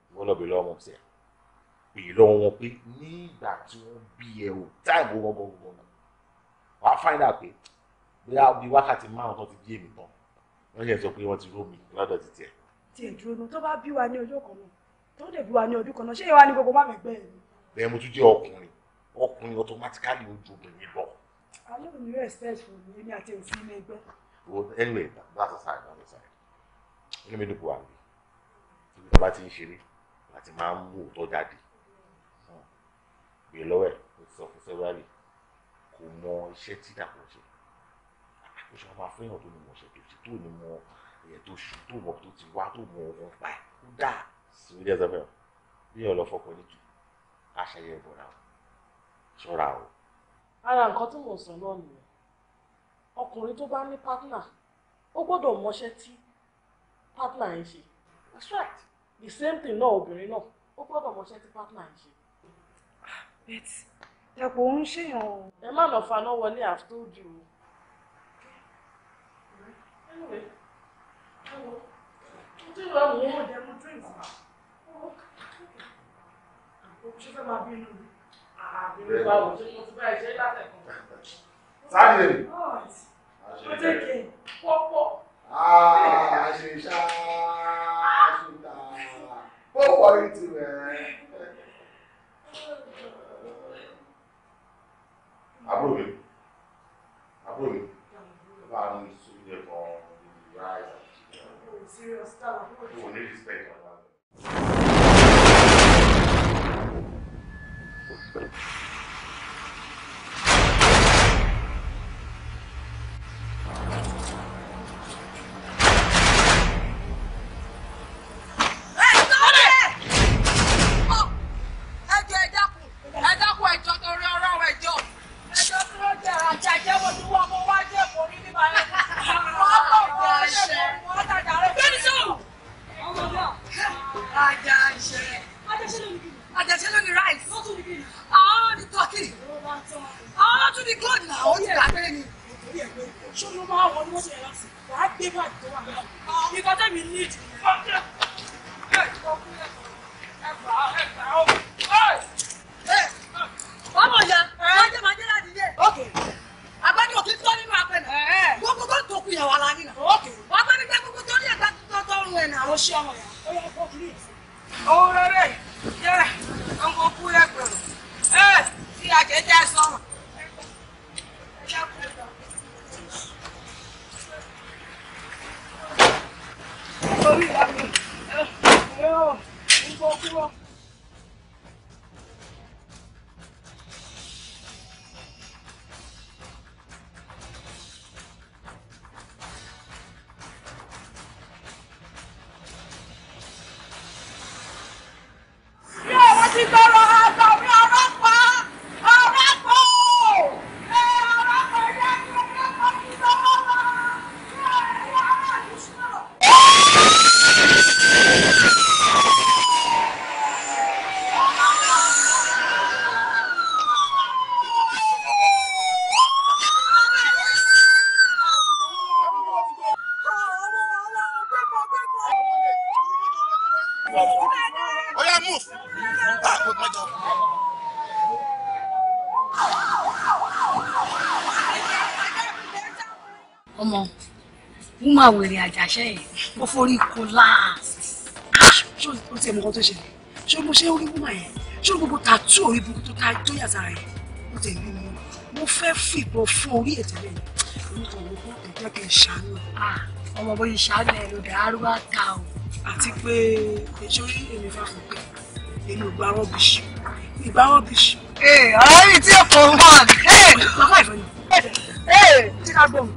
wọ́n lọ bí lọ́wọ́ wọn sẹ́ èyí lọ́wọ́ wọn pé nígbà tí wọ́n bí ẹ o táìmù gbọ̀ngbọ̀ngbọ̀n wàá find out pé bóyá bí wákàtí márùn tó ti bí èmi tán wọ́n yẹ sọ pé wọ́n ti ró mi lọ́dọ̀ ti tiẹ̀. tiẹ̀ dúró nu tó bá bí wa ní ọjọ́ kan náà tó dẹ̀ bí wa ní ọdún kan náà ṣé ìwà ni gbogbo má fẹ́ gbẹ́ ẹ̀mí. bẹ́ẹ̀ mo tún jẹ́ ọkùnrin ọkùnrin automatically ojú obìnrin lọ. alẹ́ òní respect fún mi èmi àti òsì ilé ẹgbẹ́. anyway that's aside that's aside inú mi dùn kó wà níbi tí bàbá ti ń ṣeré àti máa ń mú òótọ́ jáde gbé lọ́wọ́ ẹ̀ ó ti sọ fún sẹ́wárì kò mọ iṣẹ́ tí dàpọ̀ ṣe ó ṣe máa fẹ́ràn tó ní mọ̀ ṣe tó ṣe tó ní mọ ẹ̀yẹ tó ṣu tó mọ̀ tó ti wá tó mọ̀ ọ̀hún pa ẹ̀ ó dà sí ilé ẹ̀sẹ̀ mẹ́rin bí ọlọ́fọ́kọ níjù aṣayẹ ìbọ̀ra o ṣọ́ra o. ara nǹkan tí mò ń sọ náà nìyẹn ọkùnrin tó bá ní pátánà ó gbọ́dọ̀ mọṣẹ́ tí pátánà ń ṣe. that's right the same thing náà obìnrin náà ó gbọ́dọ̀ mọṣẹ́ tí partner ń ṣe. Ah, bet dàpọ̀ ń ṣèyàn o. ẹ má nà faná wọlé I've told you. anyway ẹ wo ojú ìwà wo ó jẹ mú drinks ma ah, ṣe fẹ́ máa bínú àbẹ̀rẹ̀ ah, báwo ṣe mo ti bá ẹ ṣe látẹ̀kùn. sáré. ó jẹ́ kí n pọ́pọ́ àṣìṣà ṣùtà ó pọ̀ ìtì rẹ̀. àbúrò mi àbúrò mi bá a ní sóbìlẹ̀ kan o ní respect ọ̀la. Thank you. máa wèrè àjàṣẹ́ yìí ó forí kó láàsì ṣó ti ẹ̀ mọ́ tó ṣẹlẹ̀ ṣó mo ṣe orí wúmọ̀ yẹn ṣó gbogbo tàtú orí burúkú tó yà sára yẹn ó ti rí mi mo fẹ́ fìbọn fún orí ètò rẹ̀ èmi kò wọ́n kó ẹ̀jẹ̀ kẹ́ ṣàánú ọmọ bóyá ṣàánú ẹ̀ ló arúgbó ta o àti pé ìṣòrí èmi fàfọ̀ pé èmi ò gba rọ́bìṣì ìgbà rọ́bìṣì. ee ọ̀rọ̀ yìí tí èkó ń bọ̀ ní. ee ọlọ́run.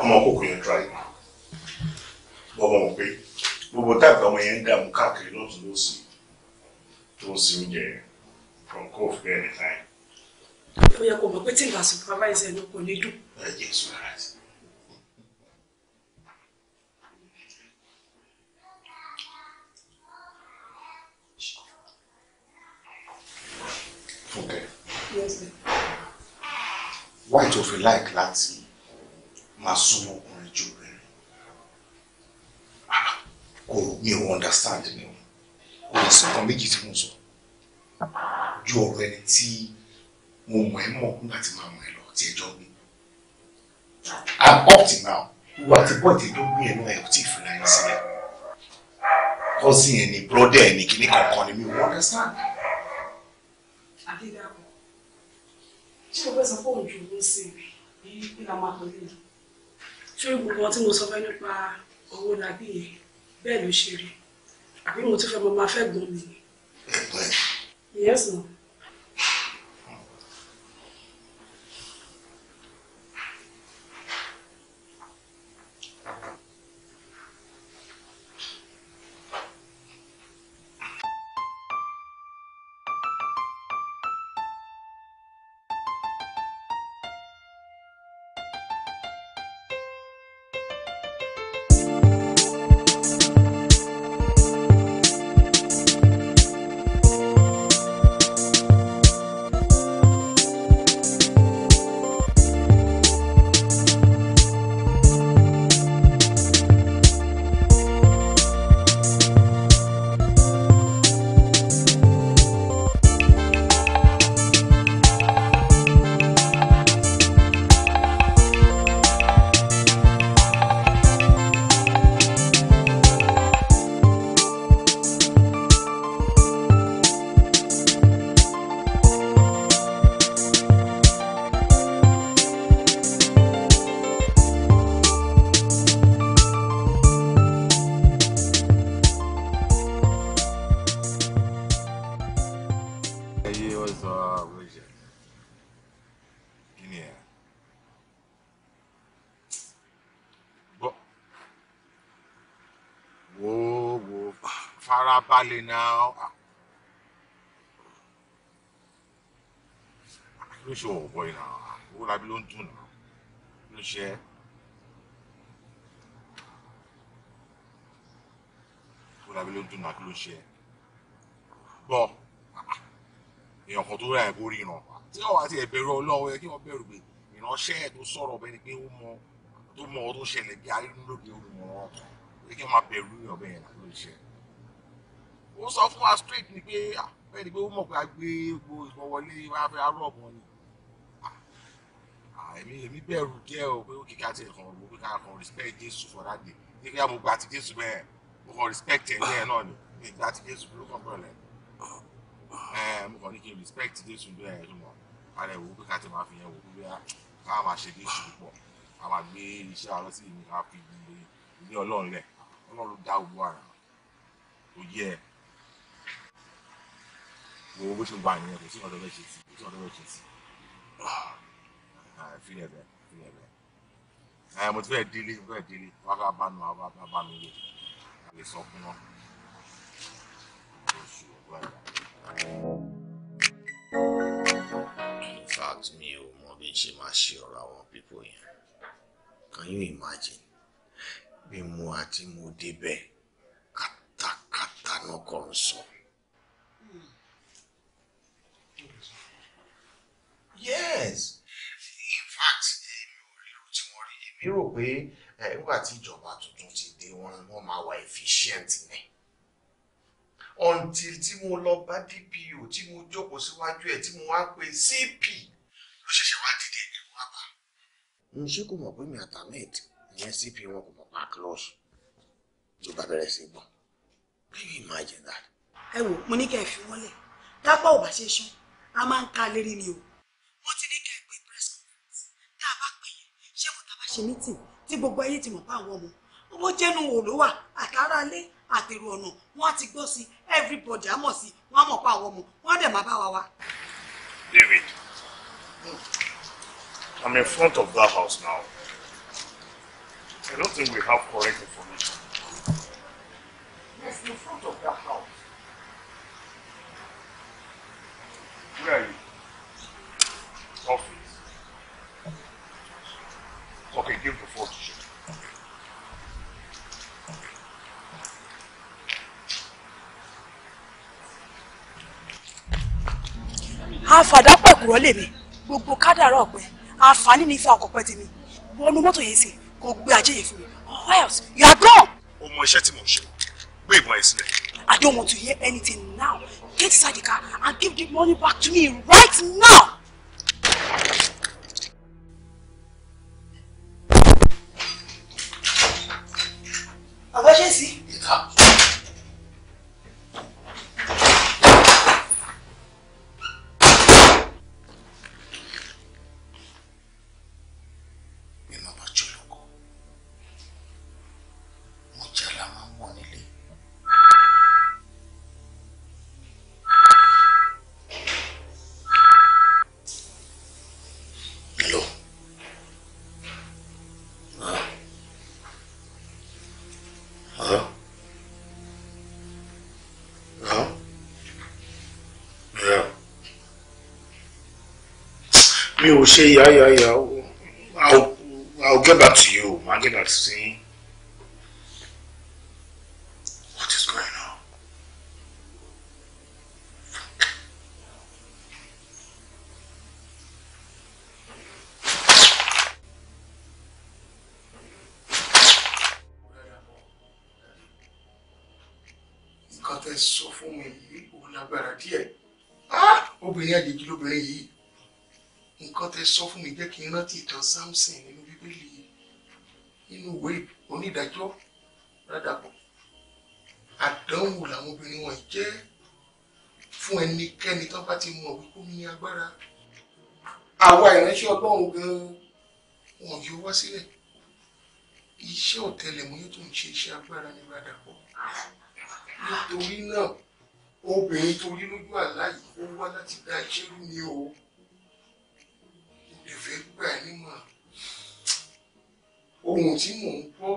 ọmọ kòkò yẹn tra yìí bọ́mọ̀ mọ̀ pé gbogbo táàbù ọmọ yẹn ń dààmú káàkiri lọ́tún n'otu tó ń sin oúnjẹ from cove bẹ́ẹ̀ time ó yẹ kó mọ̀ pé fi láìkí láti máa súnmọ́ ọkùnrin ju obìnrin ah, kò mi ò understand ni o kò lè sọ̀kan méjì tí mo sọ ju ọ̀rọ̀ ẹni tí mo mọ̀ ẹ́ mọ̀ nígbà tí màá mọ̀ ẹ́ lọ tí ẹjọ́ mi and up till now ìwà àti bọ́ọ̀dì tó gbé ẹ̀ náà ẹ̀ ò tí ì fìlà yín sílẹ̀ kọ́sìn ẹ̀ ní brọ́dẹ̀ ẹ̀ ní kíní kankan ni mi ò understand ṣé o fẹ́ sọ pé òjò ló sì rí bí kí la máa pèlè yìí ṣé gbogbo ohun tí mo sọ fẹ́ nípa owó labí yẹn bẹ́ẹ̀ ló ṣe rí àbí mo tún fẹ́ mo máa fẹ́ gbọ́n mi ìyẹn sùn. ṣe òwò bọ́ iná owó labí ló ń dùn náà ló ṣe é. owó labí ló ń dùn náà kí ló ṣe é. bọ́ èèyàn kan tó rà ẹ̀ borí ìran tí wọ́n wá sí ẹ̀bẹ̀rù ọlọ́wọ́ yẹ kí wọ́n bẹ̀rù pé ìránṣẹ́ tó sọ̀rọ̀ bẹ́ẹ̀ ni pé ó mọ tó mọ ọ tó ṣẹlẹ̀ bí arínúlóde olùmọ̀ràn ọkàn yẹ kí wọ́n máa bẹ̀rù ìyàn bẹ́ẹ̀ náà ló ṣe ó sọ fún wa straight ni pé bẹ́ẹ̀ pé ó mọ̀ pé a gbé epo ìfọwọlé wáfẹ́ arọ́ọ̀bù wọn ni èmi èmi bẹ̀rù díẹ̀ o pé ó kì í ká tiẹ̀ kàn ó pé ká kàn respect Jésù for that day ní kí á mo gbà ti Jésù bẹ́ẹ̀ mo kàn respect ẹ̀ ní ẹ̀ náà ni mi gbà ti Jésù ló kàn bọ̀rẹ̀ ẹ̀ mo kàn ní kí n respect Jésù bẹ́ẹ̀ ẹ̀ mọ̀ ara ẹ̀ wò pé ká ti máa fi yẹn wò pé ká máa ṣe Jésù púpọ̀ ká máa gbé iṣẹ́ ara sí ìmú ká fi ilé Ọlọ́run lẹ̀ Ọlọ́run ló dá gbogbo ara òye ẹ̀ wo bó ṣe wà nìyẹn kò sí ọ̀dọ́ bẹ́ẹ̀ ṣe sí kò sí ọ̀dọ́ bẹ́ẹ̀ ṣe sí. Ah, fi yẹn bẹ fi yẹn bẹ ẹ mo ti fẹ́ délé mo fẹ́ délé wà á bá nu àwọn bá bá nu wò a lè sọ fún wọn oṣù ọgbà ìyá. in fact mi ò mọ bí n ṣe máa ṣe ọ̀rọ̀ àwọn pípò yẹn can you imagine bí mo àti mo débẹ̀ kàtàkàtà náà kọ́ ń sọ. yes. lérò pé nígbà tí ìjọba tuntun ti dé wọn wọn máa wà efficient ni until tí mo lọ bá DPO tí mo jókòó síwájú ẹ̀ tí mo wá pe CP ló ṣẹ̀ṣẹ̀ wá dìde ẹ̀rọ àbá. n ṣe kò mọ̀ pé mi àtàmẹ́ẹ̀d ìyẹn CP wọn kò mọ̀ pa close ló bá bẹ̀rẹ̀ sí gbọ̀n can you imagine that. ẹ wò mo ní kẹ́ ẹ fi wọ́n lẹ̀ dápọ̀ ò bá ṣe sún a máa ń ka lérí ni o. ṣe tí gbogbo ayé ti mọ̀ pa àwọn ọmọ owó jẹ́nu wò àtàràlé àtèrò ọ̀nà wọ́n ti gbọ́ sí everybody á mọ̀ sí wọ́n á mọ̀ pa àwọn ọmọ wọ́n á dẹ̀ máa bá wa wá. David mm. I'm in front of that house now I don't think we have correct information. Yes, in front of that house. Where are you? àfàdá pẹ̀kúrọ́ lèmi gbogbo kádàrá ọ̀pẹ àǹfààní ní ifá ọkọ̀ pẹ́ tèmi wọnú mọ́tò yẹn sì kò gbé ajé yẹn fún mi or else you are gone. o mọ iṣẹ́ tí mo ṣe gbé ìbọn ẹ̀ sílẹ̀. I don't want to hear anything now get inside the car and give the money back to me right now. mi ò ṣe yà yà yà o I'll, I'll get back to you ma get back to you. What is going on? nǹkan tẹ́ sọ fún mi yìí òun lágbára díẹ̀ ah! obìnrin àjèjì lóbìnrin yìí ọ̀rọ̀ tẹ sọ fún mi jẹ́ kí n rántí ìtàn Samson nínú bíbélì nínú ìwé onídàájọ́ rádàpọ̀ àdánwò làwọn obìnrin wọn jẹ́ fún ẹnikẹ́ni tó bá ti mọ̀ wípé omi ní agbára àwa ìránṣẹ́ ọlọ́run gan wọn yóò wá sílẹ̀ iṣẹ́ ọ̀tẹlẹ̀múyẹ́ tó ń ṣe iṣẹ́ agbára ní rádàpọ̀ nítorí náà obìnrin torí lójú àlá yìí ó wá láti dá iṣẹ́ rú ni o ìfẹ́ gbà nímọ̀ ohun tí mò ń gbọ́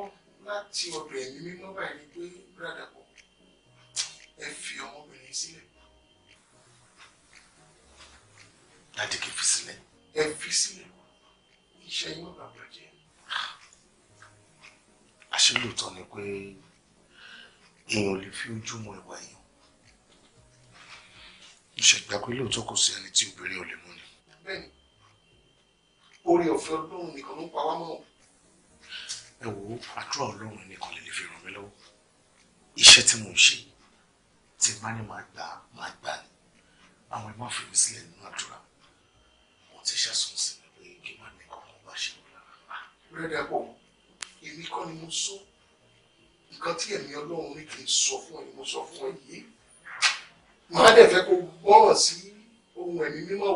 láti ọ̀dọ̀ ẹ̀mí mímọ́ báyìí ni pé bírádà pọ̀ ẹ fi ọmọbìnrin sílẹ̀. láti kí fi sílẹ̀. ẹ fi sílẹ̀ iṣẹ́ yín bàbá bàjẹ́. àṣé lóòótọ́ ni pé èèyàn lè fi ojú mọ ìwà èèyàn mo ṣe gbà pé lóòótọ́ kò sí ẹni tí obìnrin ò lè mú ni. bẹ́ẹ̀ni oore ọ̀fẹ́ ọlọ́run nìkan ló ń pa wá mọ́. ẹ wo àdúrà ọlọ́run nìkan lè lè fi ràn mí lọ́wọ́ iṣẹ́ tí mò ń ṣe tí bá ní máa gbà máa gbà ní àwọn ẹ má fi mí sílẹ̀ nínú àdúrà wọn ti ṣàṣùn sí mi pé kí má ní kankan bá ṣe wọn lára. Ah, rẹ́dà pọ̀ èmi kọ́ ni mo sọ nǹkan tí ẹ̀mí ọlọ́run ní kì í sọ fún ẹ mo sọ fún ẹ yìí má dẹ̀ fẹ́ kó gbọ́rọ̀ sí ohun ẹ̀mí mímọ́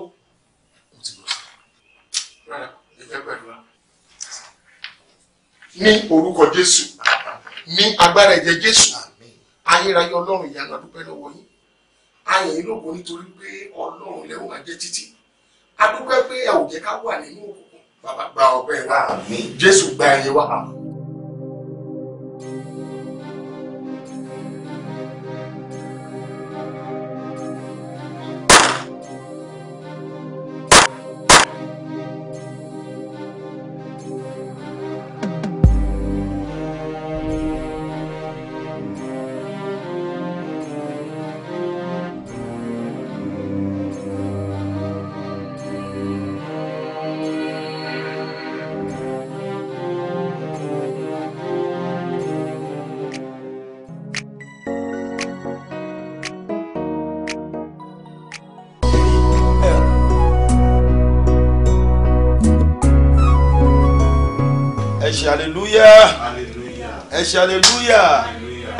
ní orúkọ jésù ní agbára ẹ̀jẹ̀ jésù ayérayé ọlọ́run ìyanu adúpẹ́ lọ́wọ́ yín ayìn lógo nítorí pé ọlọ́run lẹ́wọ̀n máa jẹ́ títí adúpẹ́ pé ẹ ká wà nínú òkùnkùn bàbá gba ọpẹ́ wa jésù gba ẹ̀yẹ wa. Hallelujah! ẹ ṣe aleluya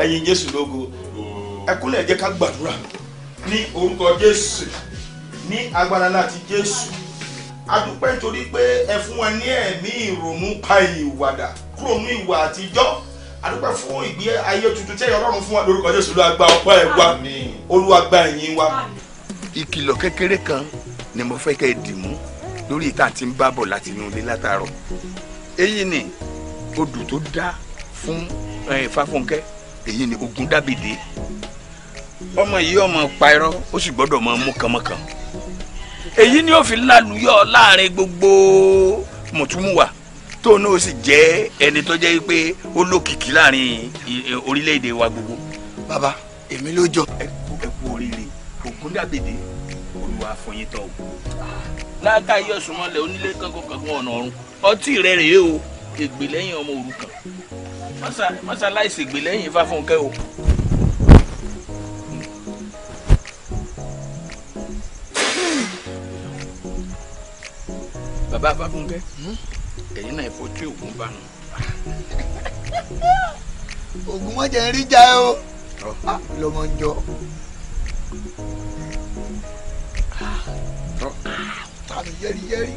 ẹyin jésù lógo ẹ kúnlẹ̀ jẹ́ ká gbàdúrà ní orúkọ jésù ní agbára láti jésù adúpẹ́ nítorí pé ẹ fún wa ní ẹ̀mí ìrònú pa ìwàdà kúrò ní ìwà àtijọ́ adúpẹ́ fún ìgbé ayé tuntun tẹ́yọ̀ ọlọ́run fún wa lórúkọ jésù ló agbá ọpọ́ ẹ̀ wá olúwa ẹ̀yìn wa. ìkìlọ̀ kékeré kan ni mo fẹ́ kẹ́ ẹ dì mú lórí ìta tí ń bá bọ̀ láti inú ilé látàárọ̀ èyí ni odù tó dá fún Fáfúnkẹ́ èyí ni ogun dábìdì ọmọ yìí ọmọ pa irọ́ ó sì gbọ́dọ̀ máa mú kànmọ́kàn èyí ni ó fi lálùyọ láàrin gbogbo mọ̀túmùwà tóun náà sì jẹ́ ẹni tó jẹ́ pé ó lókìkí láàrin orílẹ̀-èdè wa gbogbo. bàbá èmi ló jọ. ẹ kú oríire ògùn dàbèdè olùwà àfọyín tọ o. Ah, láàkà yọ̀sùnmọ́lẹ̀ onílé kankan kankan ọ̀nà ọ̀run ọtí rẹ̀ rèé o ègbè lẹ́yìn ọmọ òrukàn mọ́sá láìsí ègbè lẹ́yìn Fáfúnkẹ́ o. bàbá Fáfúnkẹ́ ẹ̀yin náà ẹ̀fọ́ tí ògùn bá nù. ògùn mọ̀jẹ̀ ń rí já o lọ́mọ ń jọ. tàbí yẹ́rìyẹ́rì.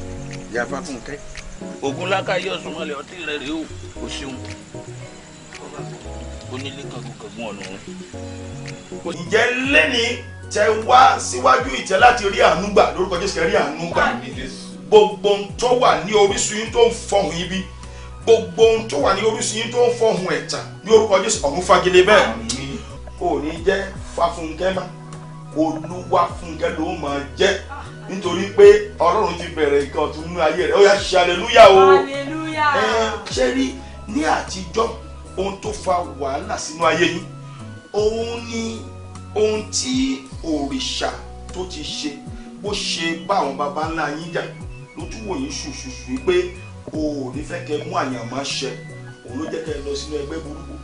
ìyá Fáfúnkẹ́ ogun lákàyè ọ̀sùn mọ́lẹ̀ ọtí rẹ̀ rèé o o ṣeun onílé kankankan ọ̀nà o. ǹjẹ́ lẹ́ni tẹ wá síwájú ìtẹ́ láti rí àánú gbà lórúkọ Jésù kẹ́ rí àánú gbà gbogbo ohun tó wà ní orísun yín tó ń fọhùn yín bí gbogbo ohun tó wà ní orísun yín tó ń fọhùn ẹ̀tàn ní orúkọ Jésù ọ̀run fagilé bẹ́ẹ̀ kò ní jẹ́ fáfúnkẹ́ mọ́ olúwa fúnkẹ́ ló máa jẹ́ nítorí pé ọlọ́run ti bẹ̀rẹ̀ nǹkan ọ̀tun nínú ayé rẹ̀ ó yá ṣe aleluya o ṣe rí ní àtijọ́ ohun tó fa wàhálà sínú ayé yín òun ni ohun tí òrìṣà tó ti ṣe bó ṣe bá àwọn baba ńlá yín jà lójú wò yín ṣùṣùṣù pé o ò ní fẹ́ kẹ́ mú àyànmọ́ ṣẹ òun ló jẹ́ kẹ́ lọ sínú ẹgbẹ́ burúkú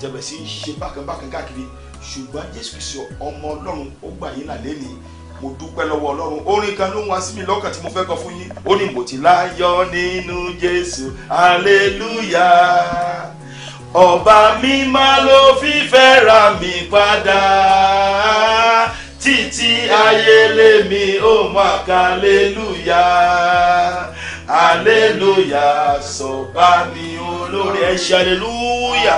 tẹ̀bẹ̀ sí ṣe bákan bákan káàkiri ṣùgbọ́n jésù kìí ṣe ọmọ ọlọ́run ó gbà yín là lẹ́nìí mo dúpẹ́ lọ́wọ́ ọlọ́run orin kan ló ń wá sí mi lọ́kàn tí mo fẹ́ kọ fún yín ó ní mo ti láyọ̀ nínú jésù aleluya ọba mi máa ló fífẹ́ ra mi padà títí ayé lèmi ó máa ka aleluya aleluya sọ̀bá mi olórí ẹ̀ aleluya.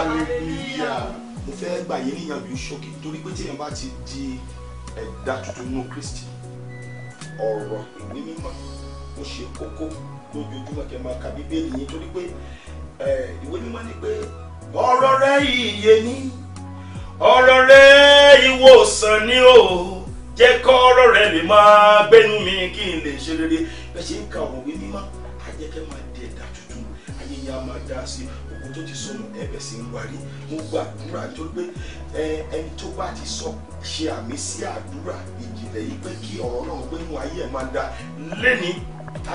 mo fẹ́ gbà yín níyànjú ṣókí torí pé téèyàn bá ti di ẹ̀dá tuntun nínú Kristi ọ̀rọ̀ ìwé mímọ́ ó ṣe kókó lójoojúmọ́ kẹ́ máa ka bíbélì yín torí pé ìwé mímọ́ ni pé ọ̀rọ̀ rẹ ìyè ni ọ̀rọ̀ rẹ ìwòsàn ni o jẹ́ kọ́ ọ̀rọ̀ rẹ lè máa gbẹ́nu mi kí n lè ṣe rere bẹ́ẹ̀ ṣe ń ka ọ̀rọ̀ ìwé mímọ́ àjẹkẹ́ máa di ẹ̀dá tuntun ayé yẹn á máa dá sí i tó ti sọnù ẹ̀bẹ̀ sí ń wárí mo gbàdúrà nítorí pé ẹni tó bá ti sọ ṣe àmì sí àdúrà ìjìnlẹ̀ yìí pé kí ọ̀rọ̀ náà gbé inú ayé ẹ̀ máa da lẹ́ni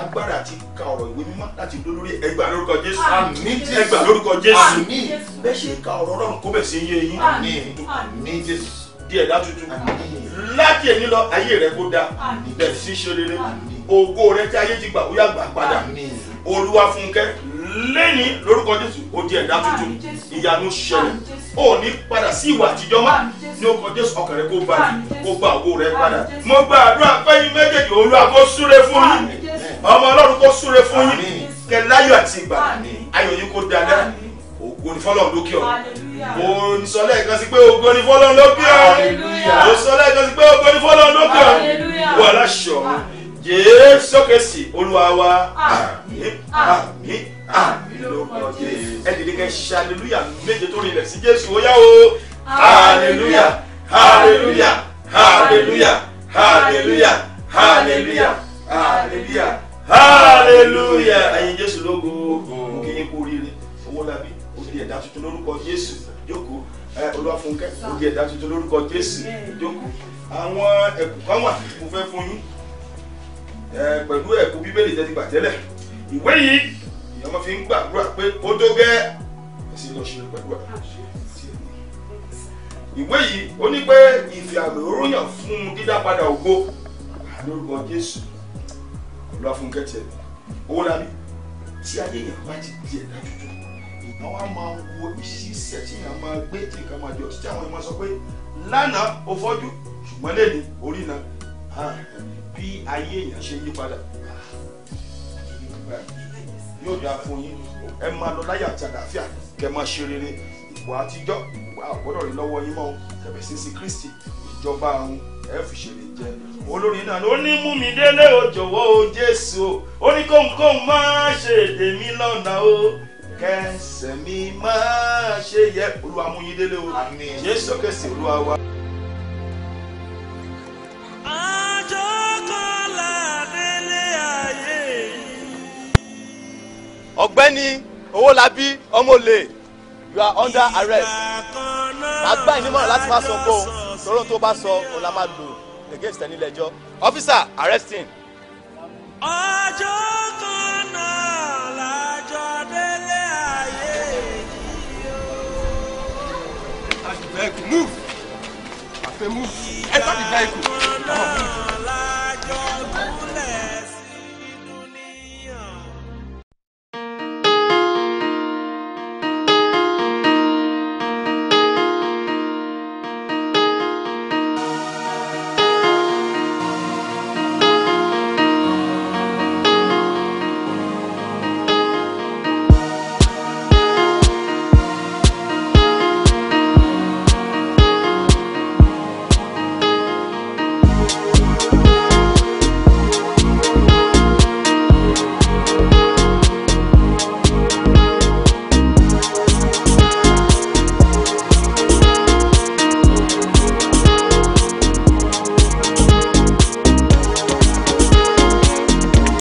agbára ti ka ọ̀rọ̀ ìwé mímọ́ láti dó lórí ẹgbàá lórúkọ jésù ẹgbàá lórúkọ jésù bẹ́ẹ̀ ṣe ka ọ̀rọ̀ náà kó bẹ̀ sí yé yín ní jésù di ẹ̀dá tuntun láti ẹni lọ ayé rẹ kó dáa bẹ̀rẹ̀ sí ṣe rere ògo rẹ tí ayé ti gbà ó yá gbà padà olúwa fúnkẹ́ lẹ́ni lórúkọ jésù ó di ẹ̀dá tuntun ìyanu ṣẹlẹ̀ ó ní padà sí ìwà àtijọ́ mọ́ ní orúkọ jésù ọkàn rẹ kó balẹ̀ kó gba owó rẹ padà mo gba àdúrà fẹ́yìn méjèèjì olúwa kó súre fún yín ọmọ ọlọ́run kó súre fún yín kẹ láyọ̀ àti ìgbà ayọ̀ yín kó dáadáa ògo ni fọlọ́run lókè ọ̀run mo ní sọ lẹ́ẹ̀kan sí pé ògo ni fọlọ́run lókè ọ̀run mo sọ lẹ́ẹ̀kan sí pé ògo ni fọlọ́run lókè ọ̀run wà láṣọ ọ̀run jésù kẹsì olúwa wa àmín àmín àmín lórúkọ jésù ẹ dìde kẹ ṣe aleluya méje tó rinlẹ̀ sí jésù ó o hallelujah hallelujah hallelujah hallelujah hallelujah hallelujah hallelujah ẹyin jésù lógo mú kí yín kú oríire owó labí òbí ẹ̀dá tuntun lórúkọ jésù jókòó olúwàfúnkẹ́ òbí ẹ̀dá tuntun lórúkọ jésù jókòó àwọn ẹ̀kú kan wà mo fẹ́ fún yín. pẹ̀lú ẹ̀kọ́ bíbélì tẹ́ ti gbà tẹ́lẹ̀ ìwé yìí ìyá ọmọ fi ń gbàdúrà pé ó tó gẹ́ ẹ̀sìn lọ ṣe pẹ̀lú ẹ̀. ìwé yìí ó ní pé ìfì àmì òróyàn fún dídá padà ògo lórúkọ Jésù tiẹ̀ owó lábí tí ayé yẹn bá ti di ẹ̀dá tuntun ìyá wa máa tí yẹn máa gbé tí nǹkan máa jọ àwọn sọ pé lánàá ó fọ́jú ṣùgbọ́n orí bí ayé èèyàn ṣe yí padà yóò dáa fún yín ẹ máa lọ láyà àti àlàáfíà kẹ máa ṣe rere ìwà àtijọ́ ìwà àgbọ́dọ̀ rí lọ́wọ́ yín mọ́ kẹ̀bẹ̀ sí sí Kristi ìjọba àrùn ẹ fi ṣeré jẹ olórí náà ló ní mú mi délé o jọ̀wọ́ o Jésù o ó ní kóńkóń máa ṣe èdè mi lọ́nà o kẹsẹ̀ mi máa ṣe yẹ olúwa mú yín délé o Jésù kẹsì olúwa wa. ọ̀gbẹ́ni owólabí ọmọlè you are under arrest màá gbà yín nímọ̀ràn láti má sọ kó lọ́rọ̀ tó bá sọ òun la máa lò against ẹni lẹ́jọ́ officer arresting. ọjọ́ kan náà lájọ délé ayé yìí o. move àfẹ́ move enter the vehicle.